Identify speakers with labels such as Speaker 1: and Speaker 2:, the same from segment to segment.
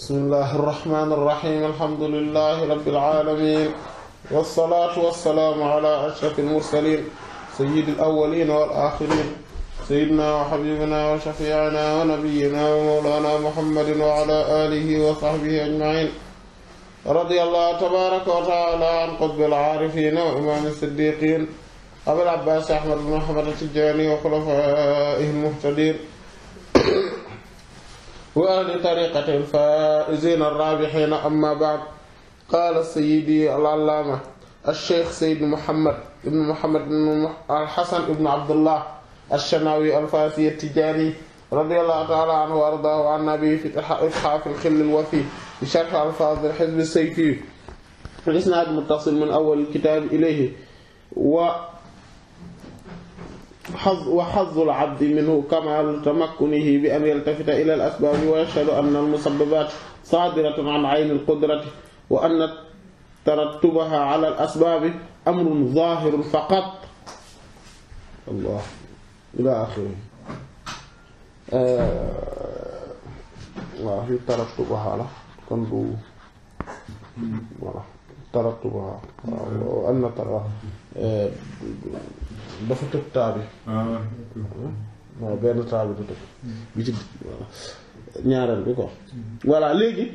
Speaker 1: بسم الله الرحمن الرحيم الحمد لله رب العالمين والصلاة والسلام على أشرف المرسلين سيد الأولين والآخرين سيدنا وحبيبنا وشفيعنا ونبينا ومولانا محمد وعلى آله وصحبه أجمعين رضي الله تبارك وتعالى عن قطب العارفين وإمام الصديقين أبي العباس أحمد بن محمد التجاني وخلفائه المهتدين وأهل طريقة الفائزين الرابحين أما بعد قال سيدي العلامة الشيخ سيد محمد بن محمد بن الحسن بن عبد الله الشناوي الفاسي التجاني رضي الله تعالى عنه وأرضاه عن نبي في إصحاف الخل الوفي بشرح ألفاظ الحزب السيفي الإسناد متصل من أول الكتاب إليه و حظ وحظ العبد منه كمال تمكنه بأن يلتفت إلى الأسباب ويشهد أن المسببات صادرة عن عين القدرة وأن ترتبها على الأسباب أمر ظاهر فقط الله إلى آخره آه، الله يترتبها على كنبو ترتبها du آه، ترى آه، dafa tëb taa bi. Ah, waaw benn taa bi du hmm. ñaareel bi quoi. Hmm. voilà léegi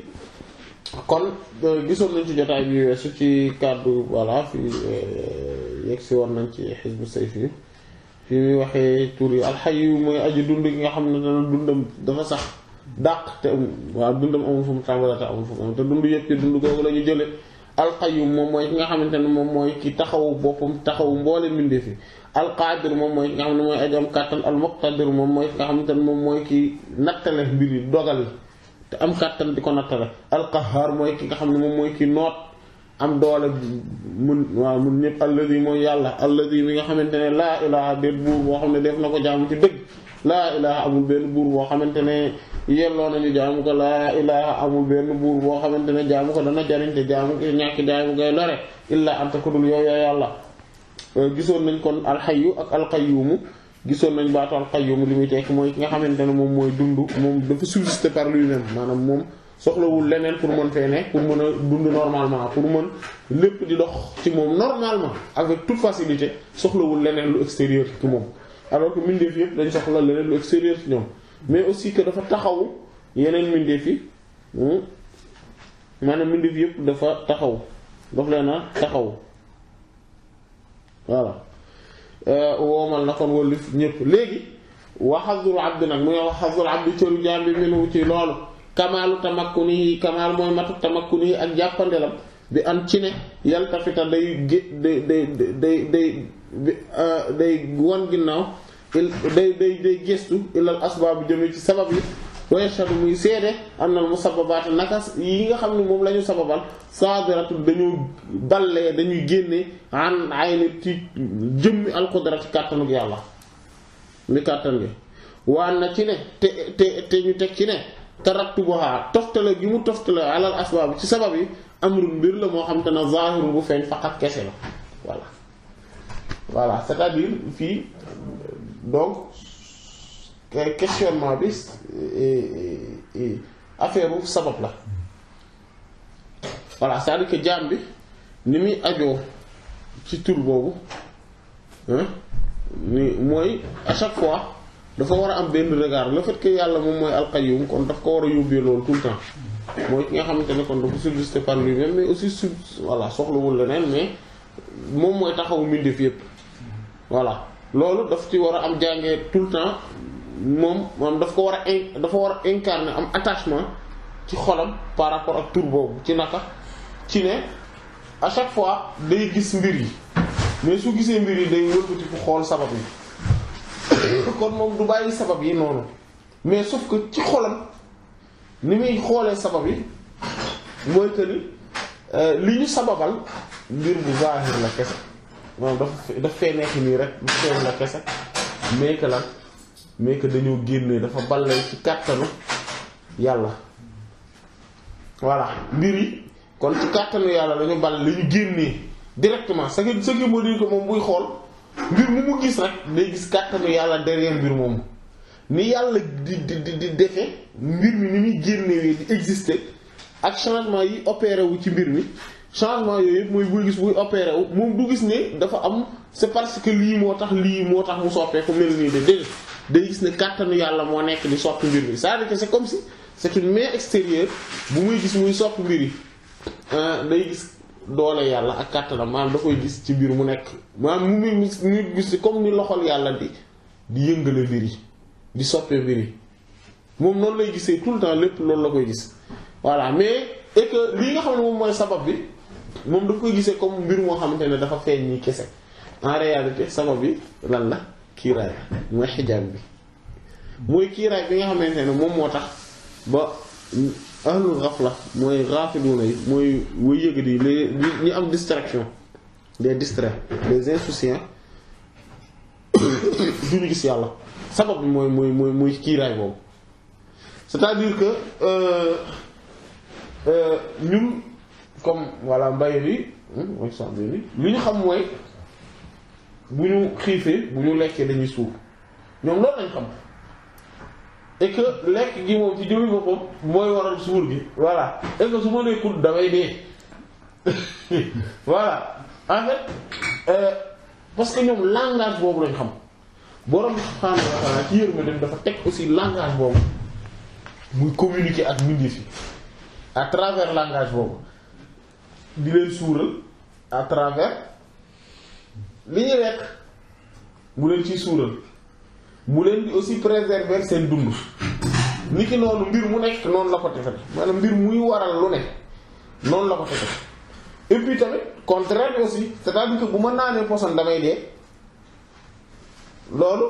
Speaker 1: kon euh, gisoon nañ ci jotaay bi weesu ci kàddu voilà fi euh, yegg si woon nañ ci xisbu fii fi muy waxee tur yi alxayu mooy aji dund gi nga xam ne dana dundam dafa sax dàq te waaw dundam amul fu mu tàmbalee te amul fu mu te dund yëpp ci dund googu la ñu jëlee. moom mooy ki nga xamante ne moom mooy ki taxawu boppam taxawu mboole mbindeef yi alqaadir moom mooy nga xam ne mooy aji am moom mooy nga xamante moom mooy ki nattale mbir yi dogal te am kàttan di ko nattale alqahaar mooy ki nga xam ne moom mooy ki noot am doole mun waaw mun ñëpp alladi mooy yàlla alladi bi nga xamante ne laa ilaha déet buur boo xam ne def na ko jaamu ci dëgg laa ilaha amul benn buur boo xamante ne yelloo nañu jaamu ko laa ilaha amul benn buur boo xamante ne jaamu ko dana jariñ te jaamu ko ñàkk jaamu ngay lore illa anta ku dul yow yàlla Euh, gisoon nañ kon alxayu ak alqayumu gisoon nañ baatu alqayumu li muy tekk mooy ki nga xamante ne moom mooy dund moom dafa subsiste par lui-même maanaam moom soxlawul leneen pour mën fee ne pour mën a dund normalement pour mën lépp di dox ci moom normalement avec toute facilité soxlawul leneen lu extérieur ci moom alors que mbindeef yëpp dañ soxla leneen lu extérieur ci ñoom mais aussi que dafa taxaw yeneen mbindeef yi hmm, maanaam mbindeef yëpp dafa taxaw dox leen a taxaw wala euh womal na kon wolif ñepp legi wa hadru abd nak muy wa hadru abd ci lu jambi minu ci lolu kamal tamakkuni kamal moy matu tamakkuni ak jappandelam bi an ci ne yaltafita day day day day euh day won ginnaw day day day gestu ila al asbab jeme ci sababu ويشهد موي سيده ان المسببات النكس ييغا خامني موم لا نيو سببال صادرات دانيو دالاي دانيو генي عن عين تي جيم القدره كاتنوك يالا مي كاتنغي وان تي نه تي تي نيو تك تي نه ترت بوها توفتلا جيمو توفتلا على الاسباب سي سبب ي امر مير لا مو خام تنا ظاهر بو فين فقط كسلا voilà voilà c'est à dire questionnement bi affaire u sabab la voilà c'est-à-dire bi ni muy ajoo ci tur boobu ni mooy à chaque fois dafa war a am benn regard le fait yàlla moom mooy alqayyum kon daf ko war a yóbbee loolu tout temps mooy ki nga xamante ne kon dafa subsisté par lui-même mais aussi sub voilà soxlawul leneen mais moom mooy taxawu mbindeef yépp voilà loolu daf ci war a am jàngee tout le temps moom moom daf ko war a in dafa war a incarner am attachement ci xolam par rapport ak tur boobu ci naka ci ne à chaque fois day gis mbir yi mais su gisee mbir yi day wëlbati ko xool sabab yi kon moom du bàyyi sabab yi noonu mais sauf que ci xolam ni muy xoolee sabab yi mooy que ni euh, li ñu sababal mbir bu zaahir la kese moom dafa dafa fee nekk nii rek bu feeñ la kese mais que mais que dañoo génne dafa balle ci kàttanu yàlla voilà mbir yi kon ci kàttanu yàlla lañu balle la génnee directement ce qui ce qui ko moom buy xool mbir mu mu gis rek day gis kàttanu yàlla derrière mbir moom ni yàlla di di di defe mbir mi ni muy génnewee di exister ak changement yi opéré wu ci mbir mi changement yooyu yëpp mooy buy gis buy opéré wu moom du gis ne dafa am c'est parce que lii moo tax lii moo tax mu soppeeku mel nii de déedéet day gis ne kàttanu yàlla moo nekk di soppi mbir bi c'est-à-dire que c'est comme si c'est une main bu muy gis muy soppi mbir yi euh, day gis doole yàlla ak kàttanam maanaam da koy gis ci biir mu nekk maanaam mu muy muy gis comme ni yàlla di di yëngale mbir yi di soppee moom noonu lay gisee tout le temps lépp loolu la koy gis voilà mais et que lii nga xam ne moom mooy sabab bi moom daf koy gisee comme mbir moo xamante ne dafa feeñ nii kese en réalité sabab bi lan la kiiraay mooy xijaab bi mooy kiiraay bi nga xamante ne moom moo tax ba ahlul la mooy xaafiluuna yi mooy way yëgat yi les ñu am distraction les distraits les insouciants duñu gis yàlla sabab bi mooy mooy mooy mooy kiiraay boobu c'est-à-dire que euh, euh, ñun comme voilà mbayir yi hmm, mooy sàmbi li ñu xam mooy vous xifé xiifee bu dañuy souf ñom lañ et que lek gi vidéo, ci voilà et que su ma da voilà euh, parce que nous langage bobu lañ xam borom wa aussi langage bobu muy communiquer ak à travers langage bobu di à travers li ñu lekk bu leen ciy suural bu leen di aussi préserver seen dund ni ki noonu mbir mu nekk noonu la ko defee maanaam mbir muy waral lu ne noonu la ko defee et puis tamit contraire aussi c'est-à-dire bu ma naanee poison damay dee loolu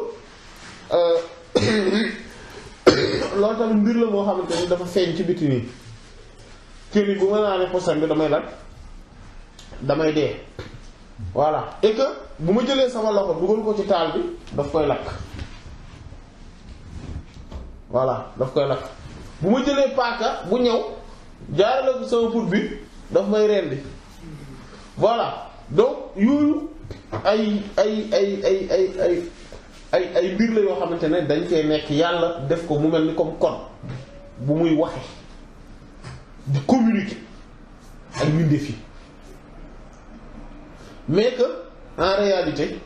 Speaker 1: euh, loolu la moo xamante ni dafa feeñ ci biti nii kër yi bu ma naanee poison bi damay lan damay dee voilà et bu ma jëlee sama loxo dugal ko ci taal bi daf koy lakk voilà daf koy lakk bu ma jëlee paaka bu ñëw jaarale ko sama put bi daf may rendi voilà donc yooyu ay ay ay ay ay ay ay ay mbir la yoo xamante ne dañ koy nekk yàlla def ko mu mel ni comme kon bu muy waxe di communiquer ak mbindeef yi mais en réalité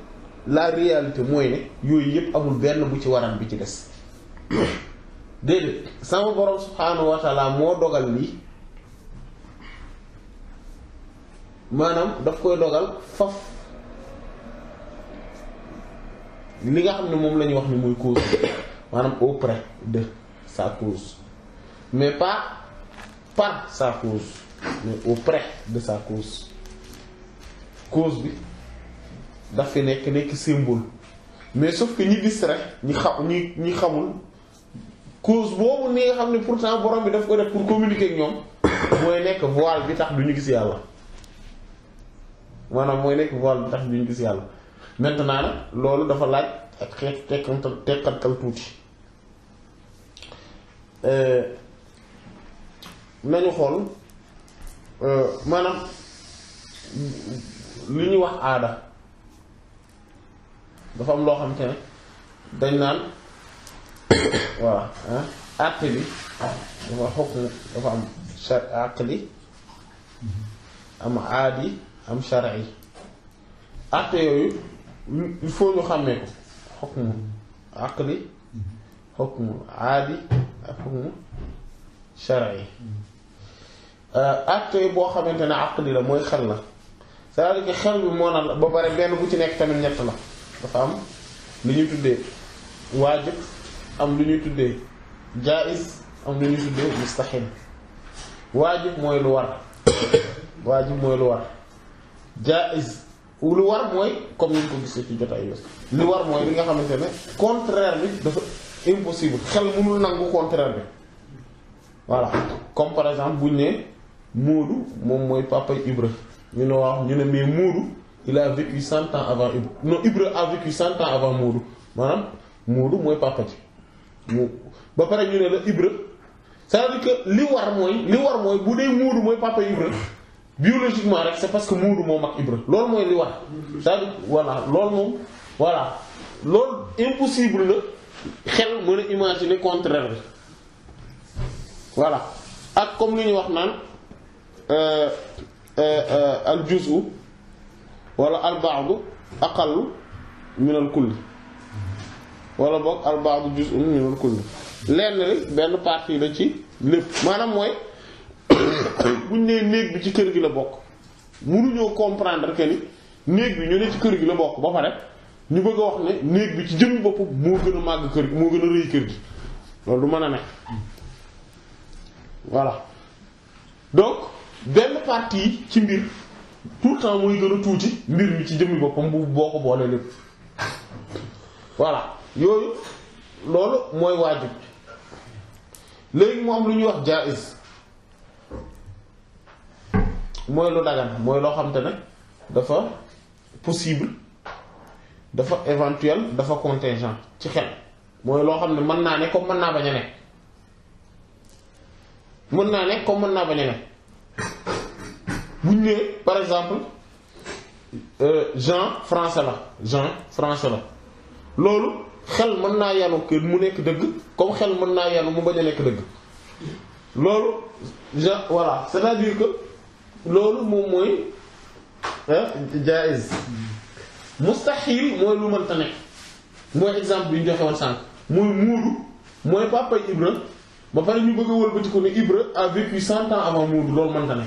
Speaker 1: la réalité mooy ne yooyu yëpp amul benn bu ci waram bi ci des déedéet sama borom subhaanahu wa moo dogal lii maanaam daf koy dogal faf li nga xam ne moom la ñuy wax ni muy cause maanaam auprès de sa cause mais pas par sa cause mais auprès de sa cause cause bi daf fi nekk nekk symbole mais sauf que ñi gis rek ñi xam ñi ñi xamul cause boobu ni nga xam ne pour pourtant borom bi daf ko def pour communiquer ak ñoom mooy nekk voile bi tax du ñu gis yàlla maanaam mooy nekk bi ñu gis yàlla maintenant loolu dafa laaj ak xeet tekkatal tekkatal tuuti euh, nañu xool euh, maanaam li ñuy wax aada dafa am lo xam te dañ nan wa ha bi dama xukm dafa am shar aqli am aadi am shar'i àq yoyu il faut ñu xamé ko xukm aqli mu aadi ak mu shar'i àq yooyu boo xamante aqli la moy xel la c'est-à-dire que xel bi mo na ba bare benn bu ci nek tamen ñett la dafa am lu ñuy tuddee waajib am lu ñuy tuddee jaayis am lu ñuy tuddee mustahil waajib mooy lu war waajib mooy lu war jaayis lu war mooy comme ni ñu ko gisee ci jotaay yooyu li war mooy li nga xamante ne contraire bi dafa impossible xel mënul nangu contraire bi voilà comme par exemple bu ñu nee Moodu moom mooy papa Ibra ñu ne waaw ñu ne mais Moodu il a vécu 100 ans avant non Ibra a vécu 100 ans avant Mourou. Madame, Mourou papa ji ba c'est-à-dire que li war mooy li war moi, biologiquement c'est parce que Mourou moi, Ibra c'est-à-dire voilà voilà C'est impossible le imaginer contraire voilà Et comme ñu wax euh, euh, euh, al juzou wala albaadu aqallu minal kulli wala boog albaadu juz'un minal kulli lenn li benn partie la ci lépp maanaam mooy buñ nee néeg bi ci kër gi la bokk mënuñoo comprendre que ni néeg bi ñu ne ci kër gi la bokk ba pare ñu bëgg a wax ne néeg bi ci jëm bopp moo gën a màgg kër gi moo gën a rëy kër gi loolu du mën a ne voilà donc benn partie ci mbir tout le temps mooy gën a tuuti mbir mi ci jëmmi boppam bu boo ko boolee lépp voilà yooyu loolu mooy waajib léegi mu am lu ñuy wax jaiz mooy lu dagan mooy loo xamante ne dafa possible dafa éventuel dafa contingent ci xel mooy loo xam ne mën naa ne comme mën naa bañ a ne mën naa ne comme mën naa bañ a ne bu par exemple euh, Jean français là, Jean français là. loolu xel mën na yanu ke mu nek deug comme xel mën na yanu mu bañ nek deug dëgg loolu Jean voilà c'est-à-dire que loolu moy hein jaiz mustaxil moy lu ta nek mooy exemple bi ñu sank moy sànq moy papa Ibrahim, ba pare ñu bëgg a ko ni Ibrahim a vécu 100 ans avant muudu loolu ta nek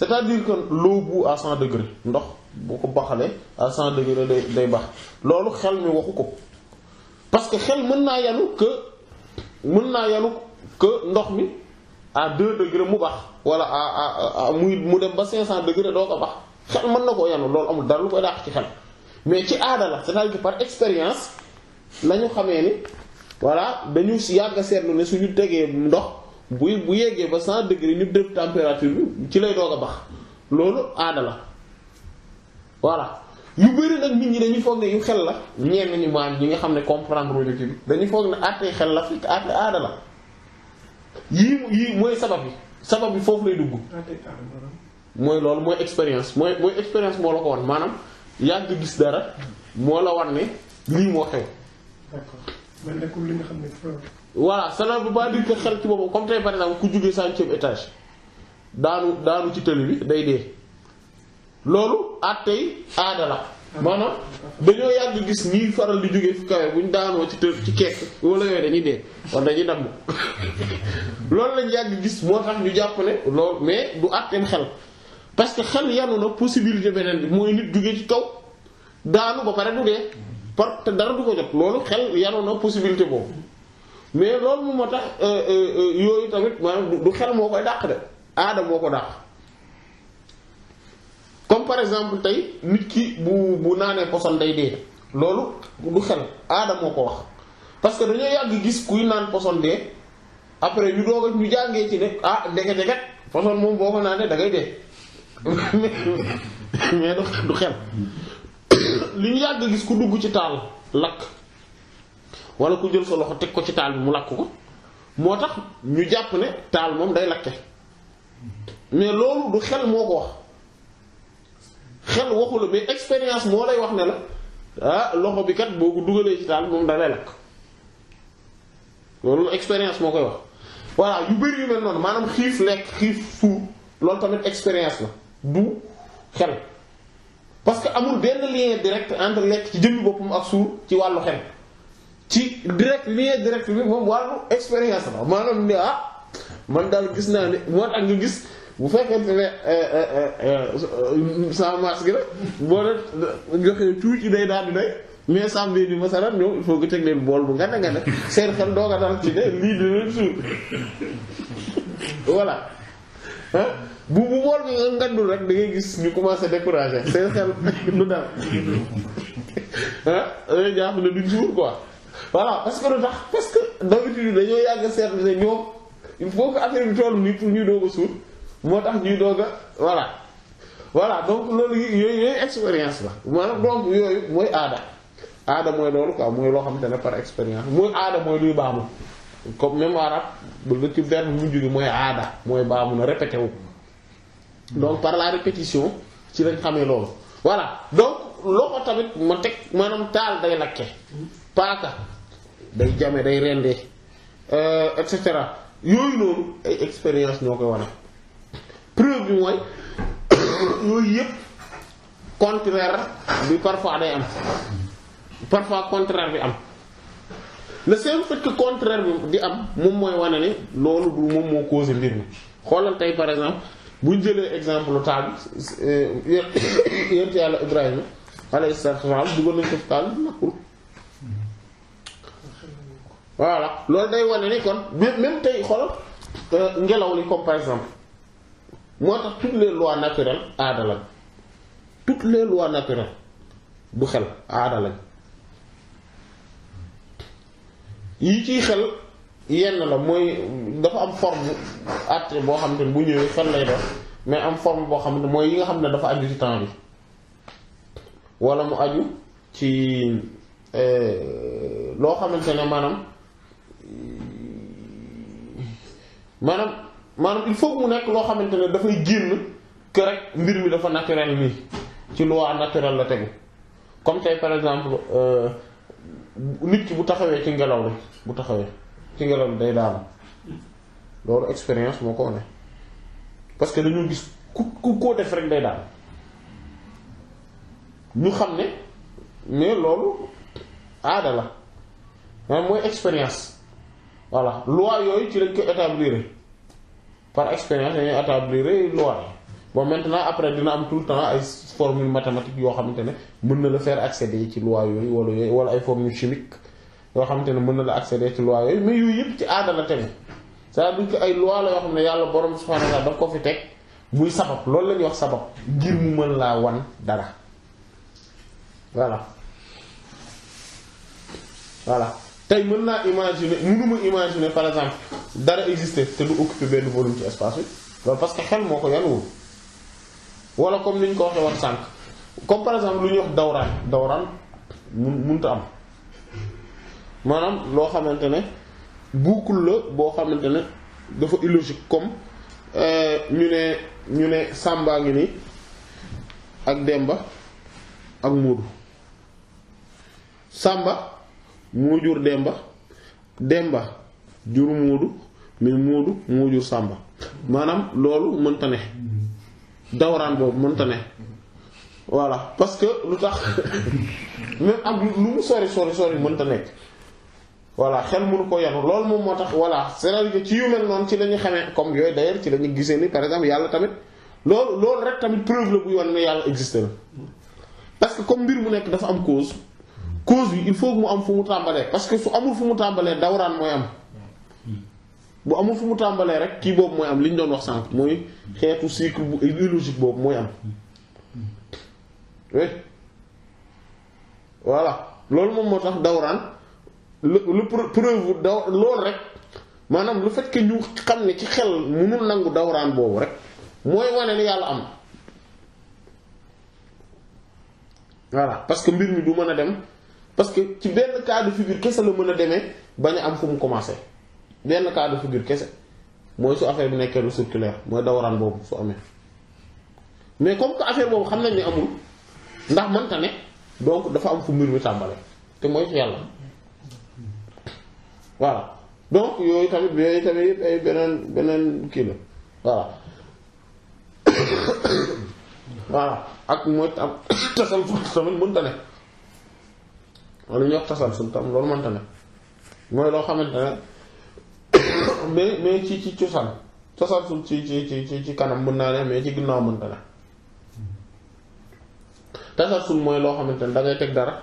Speaker 1: c'est-à-dire que l'eau boue à 100 degrés ndox boko baxalé à 100 degrés day day bax lolu xel ni waxuko parce que xel mën na yanu que mën na yanu que ndox mi à 2 degrés mu bax wala à à muy mu dem ba 500 degrés do ko bax xel mën nako koo lolu amul dar lu koy dakh ci xel mais ci aada la c'est-à-dire que par expérience la xamé ni voilà dañu yàgg a seetlu ne suñu tégué ndox. buy bu yeggee ba cent degré ñu def température bi ci lay doog a bax loolu aada la voilà yu bëri nag nit ñi dañuy foog ne yu xel la ñenn ñi maam ñi nga xam ne comprendre wuñu ci dañuy foog ne àttee xel la fekk àtte aada la yii yii mooy sabab yi sabab yi foofu lay dugg. mooy loolu mooy expérience mooy mooy expérience moo la ko wan maanaam yàgg gis dara moo la wan ne lii moo xew. li xam voilà ça ne veut pas dire xel ci boppam comme tey par exemple ku jugee cinquième étage daanu daanu ci tëli bi day dee loolu àttey aada la maanaam dañoo yàgg gis ñuy faral di jóge fu kawe bu ñu daanoo ci tël ci kekk wala yooyu dañuy dee wala dañuy damm loolu lañ yàgg gis moo tax ñu jàpp ne loolu mais du àtteem xel parce que xel yanu na possibilité beneen bi mooy nit jóge ci kaw daanu ba pare du dee par te dara du ko jot loolu xel yanu na possibilité boobu mais loolu moom moo tax euh, euh, euh, yooyu tamit maanaam du xel moo koy dàq de aada moo ko dàq comme par exemple tey nit ki bu bu naanee poson day dee loolu du xel aada moo ko wax parce que dañoo yàgg gis kuy naan poson de après ñu doog ñu jàngee ci ne ah ndekete kat poson moom boo ko naanee da ngay dee mais du xel li ñu yàgg gis ku dugg ci taal lakk. wala ku jël sa loxo teg ko ci taal bi mu lakk ko moo tax ñu jàpp ne taal moom day lakke mais loolu du xel moo ko wax xel waxu la mais expérience moo lay wax ne la ah loxo bi kat boo ko dugalee ci taal moom da lay loolu expérience moo koy wax. voilà yu bëri yu mel noonu maanaam xiif lekk xiif suur loolu tamit expérience la du xel parce que amul benn lien direct entre lekk ci jëmmi boppam ak suur ci wàllu xel. ci direct lien direct bi moom wàllu expérience la maanaam ne ah man daal gis naa ni moo tax nga gis bu fekkente ne eh, eh, eh, sans masque gi la boo doon joxee tuuti day daal day mais sàmm bi ni masalan ñoom il faut que teg leen bool bu nga ne nga ne seen xel doog a dal ci ne lii di suur voilà bu bool bi nga ngandul rek da ngay gis ñu commencé découragé seen xel du dal ah jàpp ne duñ suur quoi. voilà parce que lu tax parce que d'habitude dañoo yàgg seet ne ñoom il faut que affaire bi toll nii pour ñuy doog suur moo tax ñuy doog a voilà donc loolu yooyu yooyu expérience la maanaam donc yooyu mooy aada mooy loolu quoi mooy loo xamante ne par expérience mooy aada mooy luy baamu comme même arab ba la mooy aada mooy baamu na répété wu donc par la répétition ci lañ xamee loolu voilà donc loo ko tamit ma teg maanaam taal day lakke paaka day jame day rendee euh, et cetera yooyu noonu ay expérience ñoo koy wane preuve bi mooy yooyu yëpp contraire bi parfois day am parfois contraire bi am le seul fait que contraire bi di am moom mooy wane ni loolu moom moo causé mbir mi xoolal tey par exemple bu jëlee exemple lu taal bi yéen yàlla Ibrahima alayhi salaam dugal nañ ko fi taal bi voilà loolu day wane ni kon même tey xolal euh, ngelaw li comme par exemple moo tax toutes les lois naturelles aada lañ toutes les lois bu xel aadala lañ yi ciy xel yenn la mooy dafa am forme àtte boo xam ne bu ñëwee xel lay def mais am forme boo xam ne mooy yi nga xam ne dafa aju ci bi walla mu aju ci euh, loo xamante ne maanaam maanaam maanaam il faut mu nekk loo xamante ne dafay génn que rek mbir mi dafa naturel nii ci loi naturel la tegu comme tey par exemple euh, nit ki bu taxawee ci ngelaw li bu taxawee ci ngelaw li day daanu loolu expérience moo ko wane parce que dañoo gis ku ku koo def rek day daanu ñu xam ne mais loolu aada la mooy expérience. voilà loi yooyu ci lañ ko établir par expérience dañuy établir loi bon maintenant après dina am tout le temps ay formule mathématique yoo xamante ne mën na la faire accéder ci loi yooyu wala yooyu wala ay formule chimique yoo xamante ne mën na la accéder ci loi yooyu mais yooyu yëpp ci aada la tamit cest à ay loi la yoo xam ne yàlla borom subhanahu wa ta'ala daf ko fi teg muy sabab loolu lañuy ñuy wax sabab ngir mu mën laa wan dara voilà voilà. tey mën naa imaginer mënuma imaginer par exemple dara exister te du occuper benn volume ci espace bi loolu parce que xel moo ko yanuwul wala comme ni ñu ko waxee woon sànq comme par exemple lu ñuy wax dawraan dawraan mun munta am maanaam loo xamante ne buukul la boo xamante ne dafa illogique comme euh, ñu ne ñu ne Samba ngi nii ak démba ak Moodu sàmba moo jur démba démba jur Moodu mu Moodu jur Sàmba maanaam loolu mënta ne dawraan boobu mënta ne voilà parce que lu tax même am lu mu sori sori sori mënta nekk voilà xel mënu ko yanu loolu moom moo tax voilà cest ci yu mel noonu ci la ñu xamee comme yooyu d'ailleurs ci la ñu gisee ni par exemple yàlla tamit loolu loolu rek tamit preuve la bu yoon ne yàlla existe na parce que comme mbir mu nekk dafa am cause cause bi il faut mu am fu mu tàmbalee parce que su amul fu mu tàmbalee dawraan mooy am bu amul fu mu tàmbalee rek kii boobu mooy am li ñu doon wax sànq mooy xeetu cycle bu illogique boobu mooy am oui voilà loolu moom moo tax dawraan lu lu preuve daw loolu rek maanaam lu fait que ñu xam ne ci xel mënul nangu dawraan boobu rek mooy wane ni yàlla am voilà parce que mbir mi du mën a dem parce que ci benn cas de kese la mën a demee bañ am fu mu commencé benn cas de figure kese mooy su affaire bi nekkee lu circulaire mooy dawaraan boobu su amee mais comme que affaire boobu xam nañ ne amul ndax mënta ne donc dafa am fu mbir mi tàmbale te mooy yàlla voilà donc yooyu tamit yooyu tamit yëpp ay beneen beneen kii la voilà voilà ak mooy am tasal mënta ne wala ñu wax tasalsul tam loolu mënta ne mooy loo xamante ne mais ci ci cosaan tasalsul ci ci ci ci kanam mën naa ne mais ci ginnaaw mënta ne tasalsul mooy loo xamante ne da ngay teg dara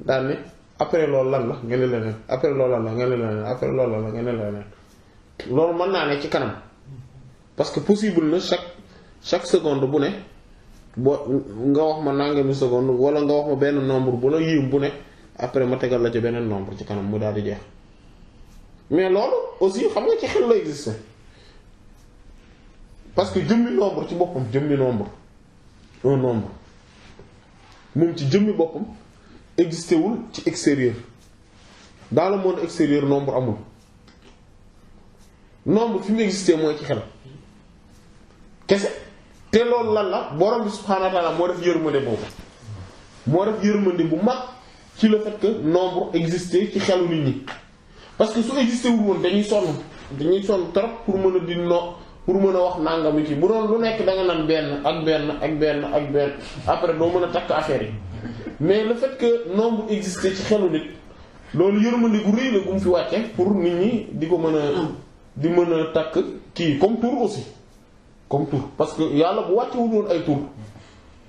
Speaker 1: daal après loolu lan la nga ne leneen après loolu lan la nga ne leneen la nga ne leneen loolu mën naa ne ci kanam parce que possible na chaque chaque seconde bu ne boo nga wax ma nangami seconde wala nga wax ma benn nombre bu la yéem bu ne après ma tegal la ci beneen nombre ci kanam mu daal di jeex mais loolu aussi xam nga ci xel la existe parce que jëmmi nombre ci boppam jëmmi nombre un nombre moom ci jëmmi boppam existé wul ci extérieur dans le monde extérieur nombre amul nombre fi mu existé mooy ci xel kese te loolu lan la borom bi subhaanahu wa ta'aala moo def yërmande boobu moo def yërmande bu mag. ci le fait que nombre existé ci xelu nit ñi parce que su existé wul woon dañuy sonn dañuy son trop pour mën di no pour mën wax nangam ci bu doon lu nekk da nga nan ben ak ben ak ben ak ben après do mën tak affaire mais le fait que nombre existé ci xelu nit lolu yërmande gu rëy la gum fi wàcce pour nit ñi diko ko mm. di mën tak ki comme tour aussi comme tour parce que yalla bu wàccewul woon ay tour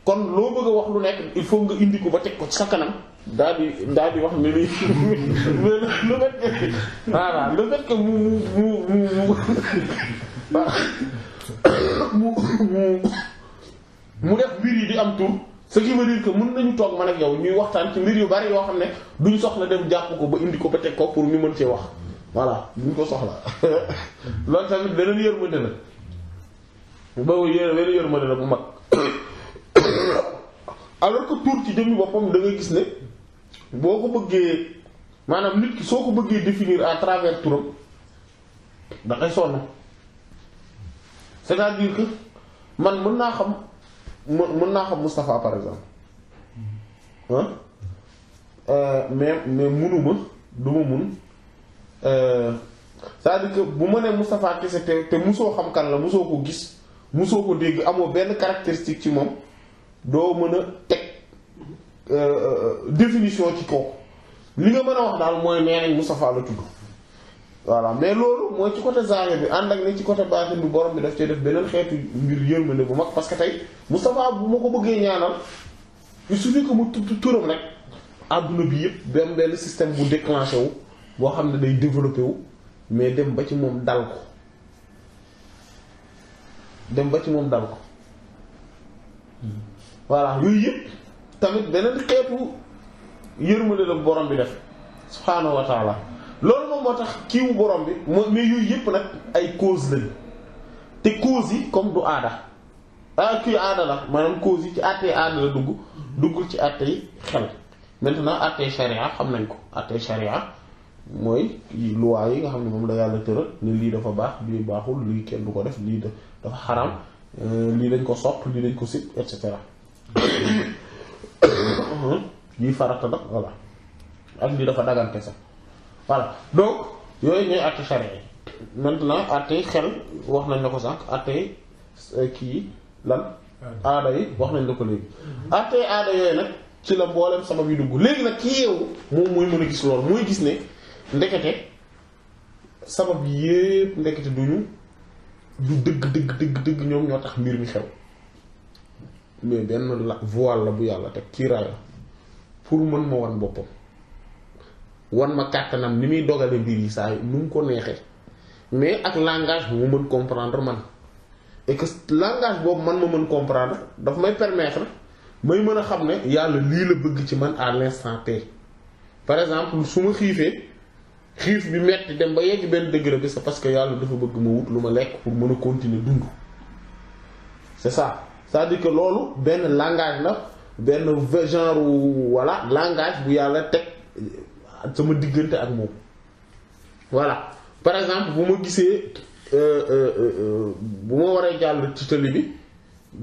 Speaker 1: kon loo bëgg a wax lu nekk il faut nga indi ko ba teg ko ci sa kanam daal di daal di wax ne li le fait que voilà mbir di am tur ce qui veut dire mën nañu toog man ak yow ñuy waxtaan ci mbir yu bari yoo xam ne duñ soxla dem jàpp ko ba indi ko ba teg ko pour ñu mën cee wax voilà duñ ko soxla loolu tamit beneen yërmande la boobu yéen beneen yërmande mag. alors que tur ci jëmmi boppam da gis ne boo ko bëggee maanaam nit ki soo ko bëggee définir à travers turam da ngay sonn cest à man mën naa xam mën naa xam Moustapha par exemple ah mais mais munuma du ma mun euh, cest à que bu ma nee Moustapha kese te te musoo xam kan la musoo ko gis musoo ko dégg amoo benn caractéristique ci moom. doo mën a teg euh, euh, définition ci kooku li nga mën a wax daal mooy nee nañ Moustapha la tudd voilà mais loolu mooy ci côté zahir bi ànd ak ni ci côté baatin bi borom bi daf cee def beneen xeetu ngir yërmande bu mag parce que tey Moustapha bu ma ko bëggee ñaanal il suffit que mu tudd turam rek àdduna bi yëpp benn benn système bu déclenché wu boo xam ne day développé wu mais dem ba ci moom dal ko dem ba ci moom dal ko voilà yooyu yëpp tamit beneen xeetu yërmande la borom bi def subhaanahu wa taala loolu moom moo tax kiiwu borom bi moo mais yooyu yëpp nag ay cause lañ te cause yi comme du aada ah kii aada la maanaam cause yi ci àttee aada la dugg duggul ci àttee xel maintenant àttee sharia xam nañ ko àttee sharia mooy loi yi nga xam ne moom la yàlla tëral ne lii dafa baax lii baaxul lii kenn du ko def lii dafa xaram euh, lii dañ ko sopp lii dañ ko sit et cetera yuy farata la voilà ak lii dafa dagante sax voilà donc yooyu ñooy àtte charia yi maintenant àtte xel wax nañ la ko sànq àtte euh, kii lan aada yi wax nañ la ko léegi àtte aada yooyu nag ci la mboolem sabab yu dugg léegi nag ki yeewu moom mooy mën a gis loolu mooy gis ne ndekete sabab yépp ndekete duñu du dëgg dëgg dëgg dëgg ñoom ñoo tax mbir mi xew mais benn la voile la bu yàlla teg kiiraay la pour mën ma wan boppam wan ma kàttanam ni muy dogale mbir yi saa yi nu mu ko neexee mais ak langage bu ma mën comprendre man et que langage boobu man ma mën comprendre daf may permettre may mën a xam ne yàlla lii la bëgg ci man à l'instant par exemple su ma xiifee xiif bi metti dem ba yegg benn degré bi c'est parce que yàlla dafa bëgg ma wut lu ma lekk pour mën a continuer dund c'est ça c'est-à-dire loolu benn langage la benn genre voilà langage bu yàlla teg euh, sama diggante ak moom voilà par exemple bu ma gisee euh, euh, bu ma waree jàll ci tali bi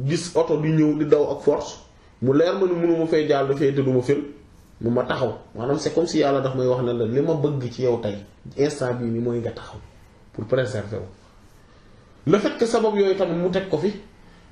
Speaker 1: gis oto di ñëw di daw ak force mu leer ma ni mënuma fay jàll fee te du ma fil mu ma taxaw maanaam c'est comme yàlla daf may wax na la li ma bëgg ci yow tey instant bii ni mooy nga taxaw pour préserver wu le fait sabab yooyu tamit mu teg ko fi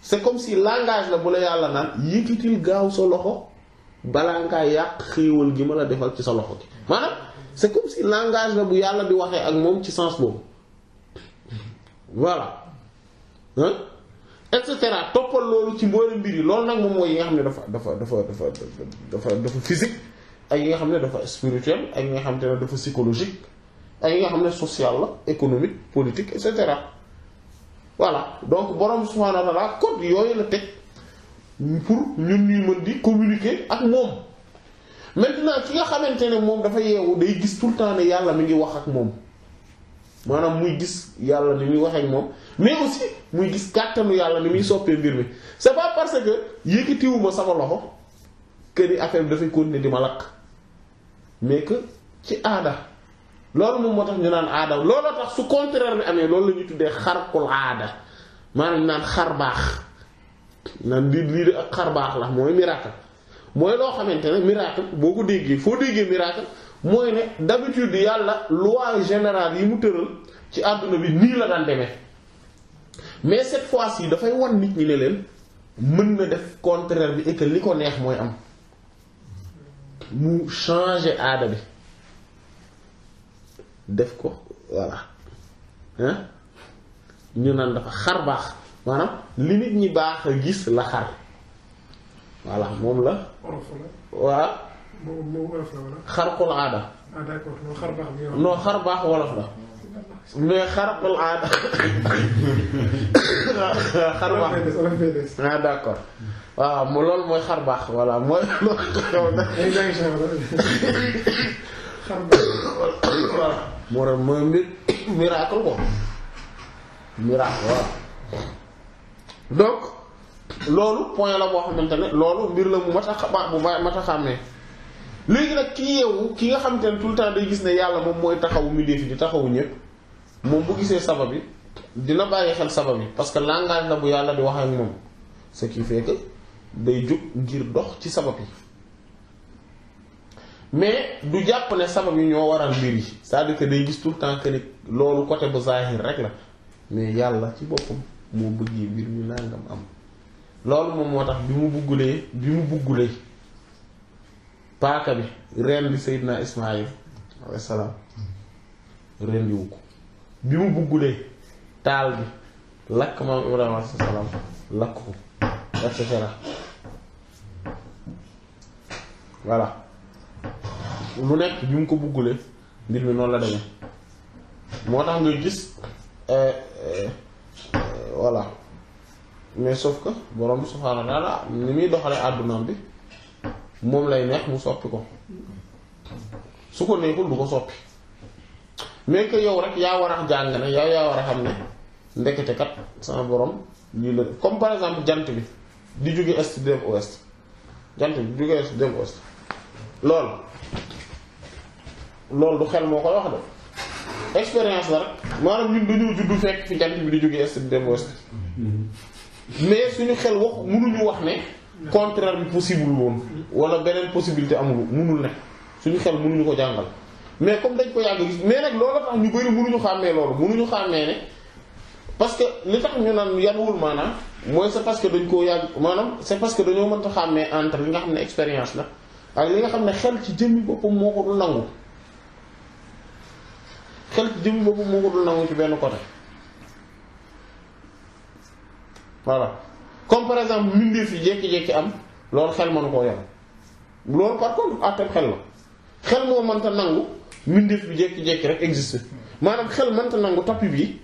Speaker 1: c'est comme si langage la bu la yàlla naan yëkkatil gaaw sa loxo balaa ngaa yàq xéewal gi ma la defal ci sa loxo gi maanaam c'est comme si langage la bu yàlla di waxee ak moom ci sens boobu voilà et cetera toppal loolu ci mboole mbir yi loolu nag moom mooy yi nga xam ne dafa dafa dafa dafa dafa dafa physique ak xam ne dafa spirituel ak yi nga xam te ne dafa psychologique ak yi nga xam ne social la économique politique et cetera. voilà donc borom subhaanahu wa ta'ala yooyu la teg pour ñun ñuy mën di communiquer ak moom maintenant ki nga xamante ne moom dafa yeewu day gis tout le yàlla mu ngi wax ak moom maanaam muy gis yàlla ni muy wax ak moom mais aussi muy gis kàttanu yàlla ni muy soppee mbir mi c'est pas parce que yëkkatiwuma sama loxo kër yi affaire bi dafay continuer di ma lakk mais ci aada loolu moom moo tax ñu naan aada looloo tax su contraire bi amee loolu la ñuy tuddee xarqul aada maanaam naan xar baax naan lii lii de ak xar baax la mooy miracle mooy loo xamante ne miracle boo ko déggee foo déggee miracle mooy ne d'habitude yàlla loi générale yi mu tëral ci àdduna bi nii la daan demee mais cette fois-ci dafay wan nit ñi ne leen mën na def contraire bi et que li ko neex mooy am mu changer aada bi. def ko voilà ah ñu naan dafa xar baax maanaam li nit ñi baax a gis la xar voilà moom la. waa xarqul aada. ah d'accord xar baax bi non xar baax wolof la mais xarqul aada xar baax ah d'accord waaw mu loolu mooy xar baax voilà mooy. xam nga waaw. moo tax mooy mi miracle quoi miracle waaw donc loolu point la boo xamante ne loolu mbir la mu mat a xabaar mu baax mat a xàmmee léegi nag ki yeewu ki nga xamante ne tout le day gis ne yàlla moom mooy taxawu milieu di taxawu ñëpp moom bu gisee sabab yi dina bàyyi xel sabab yi parce que langage la bu yàlla di wax ak moom ce qui fait day jóg ngir dox ci sabab yi. mais du jàpp ne sabab yi ñoo waral mbir yi cest à day gis tout le loolu côté bu zahir rek la mais yàlla ci boppam moo bëggee mbir mi nangam am loolu moom moo tax bi mu buggulee bi mu buggulee paaka bi rendi Seydina Ismaïl alayhi salaam rendiwu ko bi mu buggulee taal bi lakk maam Ibrahima alayhi salaam lakk ko et cetera voilà lu nekk bi mu ko buggulee mbir mi noonu la demee moo tax ngay gis eh, eh, voilà mais sauf ko borom subhaanahu wa ni muy doxalee àddunaam bi moom lay neex mu soppi ko su ko neexul du ko soppi mais que yow rek yaa war a jàng ne yow yaa war a xam ne ndekete kat sama borom lii la comme par exemple jant bi di jóge est dem ouest jant bi di jóge est dem ouest loolu loolu du xel moo koy wax def expérience la rek maanaam ñun dañoo juddu fekk fi jant bi di jógee est dem ouest mais suñu xel wax mënuñu wax ne contraire bi possible woon wala beneen possibilité amul mënul ne suñu xel munuñu ko jàngal mais comme dañ ko yàgg gis mais nag loolu tax ñu bëri mënuñu xàmmee loolu mënuñu xàmmee ne parce que li tax ñu naan yanuwul maanaam mooy c'est parce que dañ koo yàgg maanaam c'est parce que dañoo mënta xàmmee entre li nga xam ne expérience la ak li nga xam ne xel ci jëmmi boppam moo ko du nangu xel jëm boobu moo ko dul nangu ci benn côté voilà comme par exemple am loolu xel mënu koo yore loolu par contre àtteem xel la xel mënta nangu mbindeef bi jékki-jékki rek existe maanaam xel mënta nangu tapis bi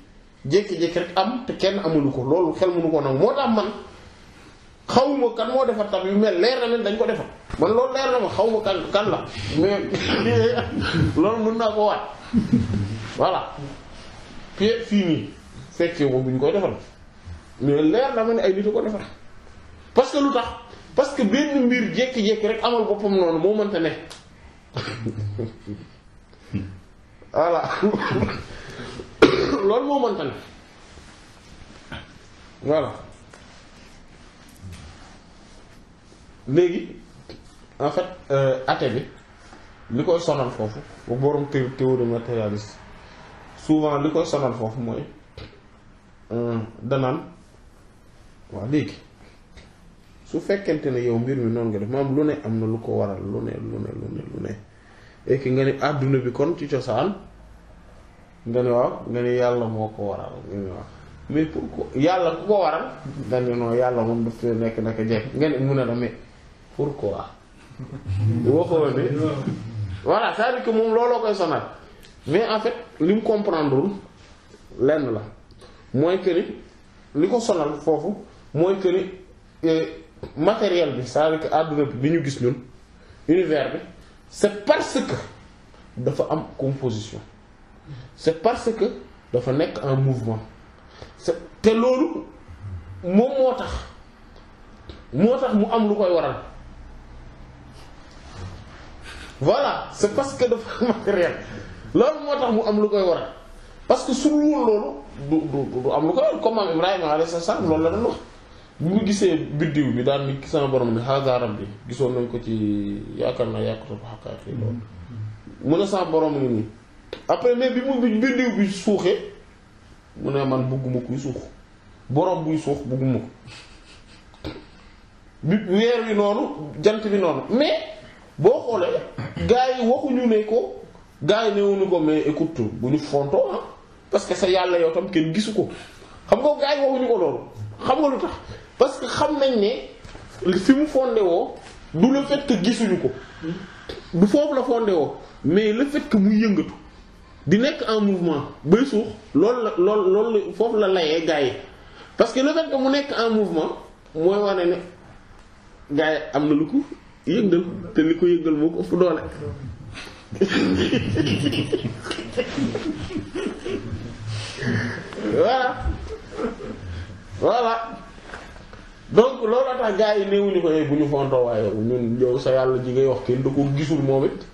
Speaker 1: jékki-jékki rek am te kenn amulu ko loolu xel mënu koo nangu moo tax man xawma kan moo defa tapis bi mel leer na leen dañ ko defar man loolu leer na ma xawma kan kan la mais loolu mën naa ko waat voilà fii fii nii fekk yow bu ñu koy defal mais leer na ma ne ay nit ko defal parce que lu tax parce que benn mbir jékki-jékki rek amal boppam noonu moo mënta ne voilà loolu moo léegi en fait euh, athée bi li koy sonal foofu bu borom théorie matérialiste souvent li koy sonal foofu mooy euh, danaan waaw léegi su fekkente ne yow mbir mi noonu nga def maanaam lu ne am na lu ko waral lu ne lu ne lu ne lu ne et nga ne àdduna bi kon ci cosaan nga ne waaw nga ne yàlla moo ko waral nga ne waaw mais pour que yàlla ku ko waral nga ne non nekk naka jekk nga ne mun a demee pourquoi. waxoo ne voilà cest à moom looloo koy sonal. mais en fait li comprendre lenn la moy que ni liko sonal fofu moy que ni eh, matériel bi c'est-à-dire biñu àdduna gis ñun univers bi c'est parce que dafa am composition c'est parce que dafa nek en mouvement c'est te loolu moom motax tax mu am lu koy waral voilà c'est parce que dafa matériel loolu moo tax mu am lu koy waral parce que su woon loolu du du du am lu koy waral comme maam Ibrahima alayhi salaam loolu la doon wax bi mu gisee biddiw bi daan ni sama borom ni haaza rabbi gisoon nañ ko ci yaakaar naa yàqu ko xàkkaar fii loolu mu ne sama borom ngi nii après mais bi mu biddiw bi suuxee mu ne man bugguma kuy suux borom buy suux bugguma ko bi weer wi noonu jant bi noonu mais boo xoolee gars yi waxuñu ne ko gars yi newuñu ko mais écoute buñu ñu fonto ah, parce que sa yalla yow tam ken gisu ko xam nga gars yi waxuñu ko loolu xam nga lutax parce que xam nañ né fi fondé wo du le fait que gisuñu ko du foofu la fondé wo mais le fait que mu yëngatu di nek en mouvement bay suux loolu la lool loolu la layee gars parce que le fait que mu nek en mouvement moy wone né gars amna am na lu ko yëngal te liko ko yëngal moo ko doole voilà voilà donc loolu a yi néewuñu ko eh, bu ñu fontoo waaye ñun yow sa yàlla ji ngay wax kenn da ko gisul moom it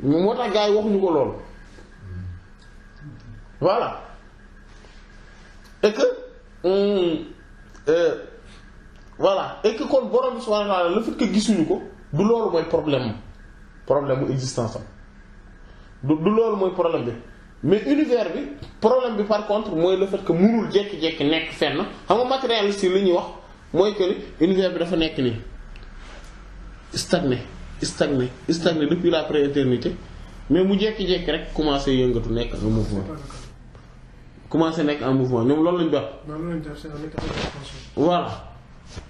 Speaker 1: moo tax gars yi waxuñu ko lool voilà et que euh, voilà et que kon borom subhanahu wa ta'ala le fait gisuñu ko du loolu mooy problème problème mu existence am du lool moy problème bi mais univers bi problème bi par contre moy le fait que mënul jek jek nek fenn xam nga matérialiste yi li ñuy wax moy que univers bi dafa nek ni stagné stagné stagné depuis la pré-éternité mais mu jek jek rek commencé yëngatu nek en mouvement commencé nek en mouvement ñom loolu lañu baax. voilà.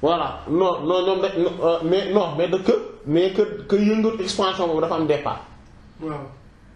Speaker 1: voilà non non ñoom euh, mais non mais de que mais que que yëngatu expansion boobu dafa am départ. waaw.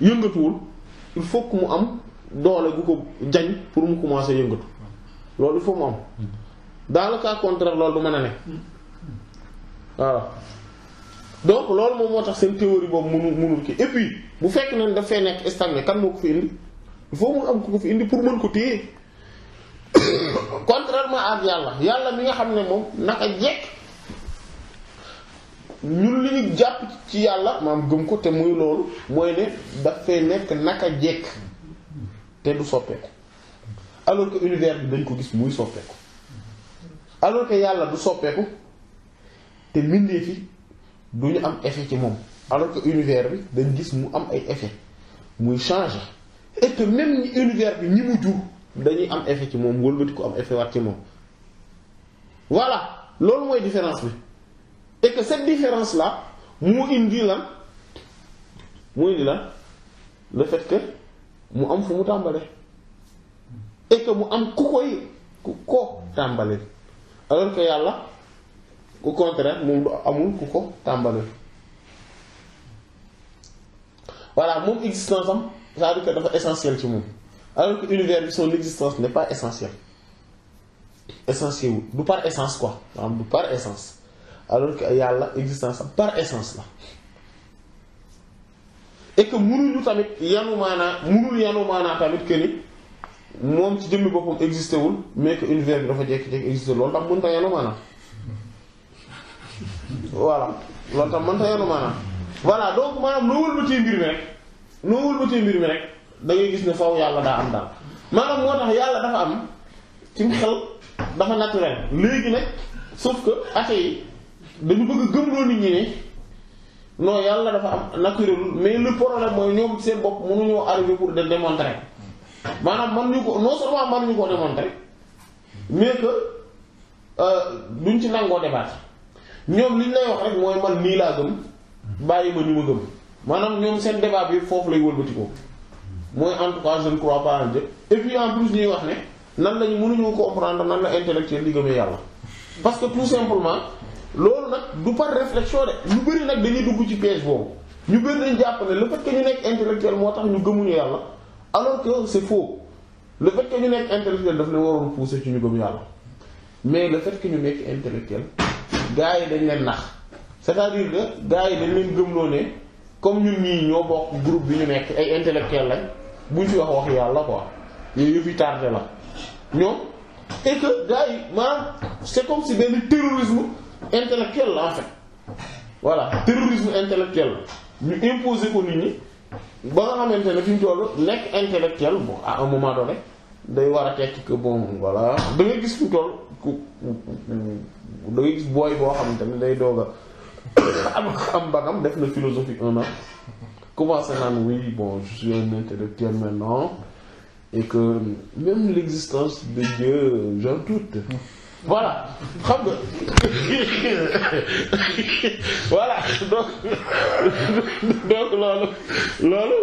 Speaker 1: yëngatuwul il faut mu am doole gu ko jañ pour mu commencer yëngatu loolu il faut mu am dans le cas contraire loolu du mën a ne waaw donc loolu moom moo tax seen théorie boobu mënul mënul kii et puis bu fekk na daf fee nekk stagné kan moo ko fi indi il mu am ko fi indi pour mën ko téye contrairement ak yàlla yàlla mi nga xam ne moom naka jekk ñun li ñu jàpp ci yàlla maam gëm ko te muy loolu mooy ne dafay nekk naka jekk te du soppeeku alors que univers bi dañ ko gis muy soppeeku alors que yàlla du te mbindeef yi am effet moom alors que univers bi dañ gis mu am ay effet muy change et que même ñi univers bi ñi mu jur dañuy am effet ci moom wëlbati ko am effet waat ci moom voilà loolu mooy différence bi et que cette différence là mu indi lan mu indi la le fait que mu am fu mu tambalé et que mu am ku koy ku ko tambalé alors que yalla au contraire moom amul ku ko voilà mon existence am c'est-à-dire que dafa essentiel ci moom alors que univers son existence n'est pas essentiel essentiel du par essence quoi nous du par essence. alors que yàlla existence am par essence la et que munuñu tamit yanu munul yanu tamit que moom ci jëmmi boppam existé wul mais que bi dafa jékki-jékki existé loolu tax mënta yanu maanaa voilà loolu tax mënta yanu voilà donc maanaam noo wëlbatee mbir mi rek noo gis ne faw yàlla daa am daal maanaam moo tax yàlla dafa am ci xel dafa naturel léegi nag sauf que athée yi dañu bëgg gëmloo nit ñi ne non yàlla dafa am naturel mais le problème mooy ñoom seen bopp mënuñoo arriver pour de démontrer maanaam man ñu ko non seulement man ñu ko démontrer mais que euh, duñ ci nangoo débattre ñoom liñ lay wax rek mooy man nii laa gëm bàyyi ma ñu ma gëm maanaam ñoom seen débat bi foofu lay wëlbatikoo mooy en tout cas je ne crois pas plus ñuy wax ne nan lañu mënuñu comprendre nan la intellectuel li gëmee yàlla parce que simplement loolu nag du par réflexion de ñu bëri nag dañuy dugg ci piège boobu ñu bëri dañ jàpp ne le fait que ñu nekk intellectuel moo tax ñu gëmuñu yàlla alors que c'est faux le fait que ñu nekk intellectuel daf leen waroon pousser ci ñu gëm yàlla mais le fait que ñu nekk intellectuel gars yi dañ leen nax c'est-à-dire que gars yi dañ leen gëmloo ne comme ñun ñii ñoo bokk groupe bi ñu nekk ay intellectuel lañ buñ fi wax wax yàlla ko ñu yëpp yi la ñoom et que gars yi maanaam c'est comme si intellectuel en fait voilà terrorisme intellectuel imposer ko nit ba nga intellectuel bon à un moment donné day wara tek que bon voilà da nga gis que toll da day que am def na philosophie un an commencé nan oui bon je suis un intellectuel maintenant et que même l'existence de Dieu j'en doute voilà xam nga voilà donc donc loolu loolu